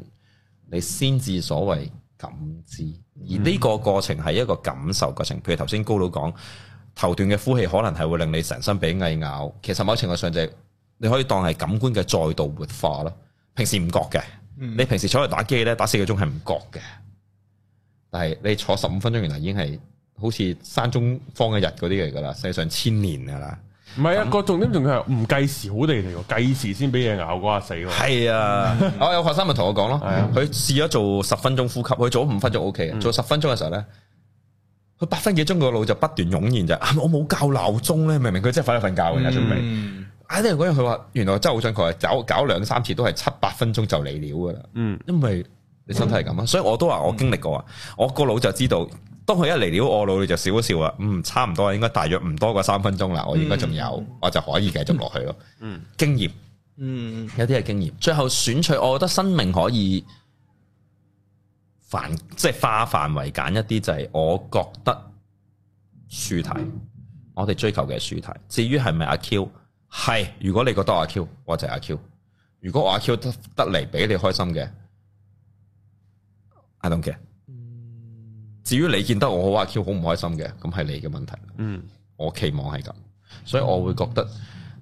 你先至所謂感知。而呢個過程係一個感受過程。譬如頭先高佬講，頭段嘅呼氣可能係會令你成身俾蟻咬。其實某程度上就你可以當係感官嘅再度活化咯。平時唔覺嘅，你平時坐喺度打機呢，打四個鐘係唔覺嘅，但係你坐十五分鐘原來已經係。好似山中方一日嗰啲嚟噶啦，世上千年噶啦。唔係、嗯、啊，個重點仲係唔計時好地嚟，計時先俾嘢咬嗰下死。係啊，我有學生咪同我講咯，佢試咗做十分鐘呼吸，佢做咗五分鐘 O K，做十分鐘嘅時候咧，佢八分幾鐘個腦就不斷湧現就，我冇教鬧鐘咧，明唔明？佢真係瞓喺瞓覺嘅，有啲人。啱啱嗰日佢話，原來真係好想佢話搞搞兩三次都係七八分鐘就嚟了噶啦。嗯，因為你身體係咁啊，所以我都話我經歷過啊，我個腦就知道。當佢一嚟了，我腦裏就笑一笑啦，嗯，差唔多，應該大約唔多過三分鐘啦，我應該仲有，嗯，我就可以繼續落去咯。嗯，經驗，嗯，有啲係經驗。最後選取，我覺得生命可以繁，即係化繁為簡一啲，就係我覺得舒泰，我哋追求嘅舒泰。至於係咪阿 Q，係，如果你覺得阿 Q，我就係阿 Q。如果我阿 Q 得得嚟俾你開心嘅，I don't care。至於你見得我好，阿 Q 好唔開心嘅，咁係你嘅問題。嗯，我期望係咁，所以我會覺得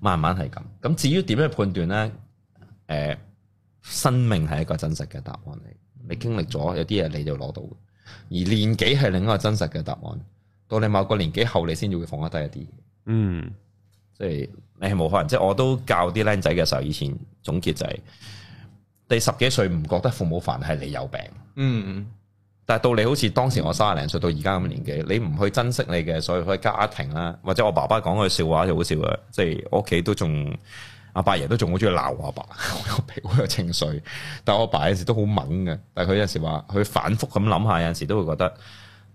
慢慢係咁。咁至於點樣判斷呢？誒、呃，生命係一個真實嘅答案嚟，你經歷咗有啲嘢你就攞到，而年紀係另外真實嘅答案。到你某個年紀後你會、嗯，你先要放低一啲。嗯，即係你係冇可能。即係我都教啲靚仔嘅時候，以前總結就係、是，你十幾歲唔覺得父母煩係你有病。嗯嗯。嗯但係到你好似當時我三十零歲到而家咁嘅年紀，你唔去珍惜你嘅，所以佢家庭啦，或者我爸爸講句笑話就好笑啊，即係屋企都仲阿伯爺都仲好中意鬧我阿爸，我有脾我有情緒。但係我阿爸有時都好猛嘅，但係佢有時話佢反覆咁諗下，有陣時都會覺得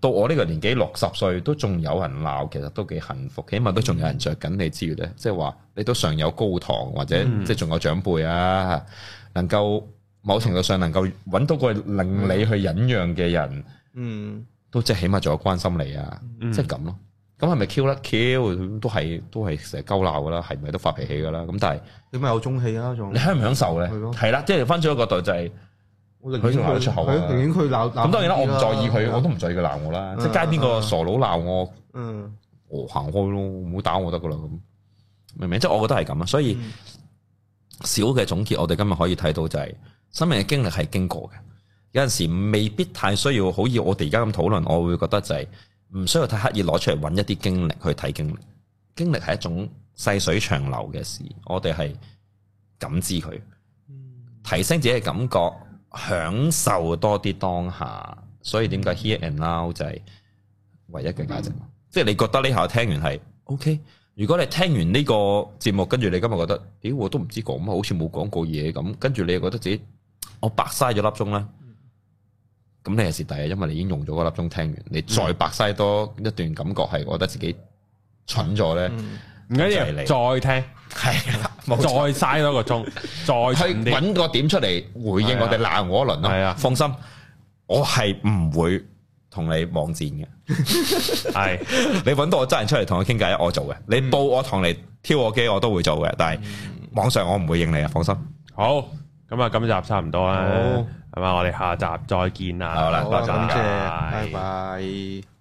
到我呢個年紀六十歲都仲有人鬧，其實都幾幸福，起碼都仲有人着緊你之餘咧，即係話你都尚有高堂或者即係仲有長輩啊，嗯、能夠。某程度上，能夠揾到個令你去忍讓嘅人，嗯，都即係起碼仲有關心你啊，即係咁咯。咁係咪 Q 啦？Q 都係都係成日鳩鬧噶啦，係咪都發脾氣噶啦？咁但係你咪有中氣啊？仲你享唔享受咧？係咯，係啦，即係返咗一個代，就係佢鬧出口啊。佢電影鬧鬧，咁當然啦，我唔在意佢，我都唔在意佢鬧我啦。即係街邊個傻佬鬧我，嗯，我行開咯，唔好打我得噶啦，咁明唔明？即係我覺得係咁啊，所以小嘅總結，我哋今日可以睇到就係。生命嘅經歷係經過嘅，有陣時未必太需要，好似我哋而家咁討論，我會覺得就係唔需要太刻意攞出嚟揾一啲經歷去睇經歷。經歷係一種細水長流嘅事，我哋係感知佢，提升自己嘅感覺，享受多啲當下。所以點解 here and now 就係唯一嘅價值？嗯、即係你覺得呢下聽完係 OK，如果你聽完呢個節目，跟住你今日覺得，咦、欸，我都唔知講乜，好似冇講過嘢咁，跟住你又覺得自己。我白嘥咗粒鐘咧，咁你係蝕底，因為你已經用咗嗰粒鐘聽完，你再白嘥多一段感覺係，我覺得自己蠢咗咧，唔緊要，再聽係啦，再嘥多一個鐘，再去搵個點出嚟回應我哋鬧我一輪咯，係啊，放心，我係唔會同你網戰嘅，係你搵到我真人出嚟同我傾偈，我做嘅，你報我堂嚟挑我機，我都會做嘅，但係網上我唔會應你啊，放心，好。咁啊，今集差唔多啦，係嘛？哦，我哋下集再見啊！好啦了，多謝，謝拜拜。拜拜。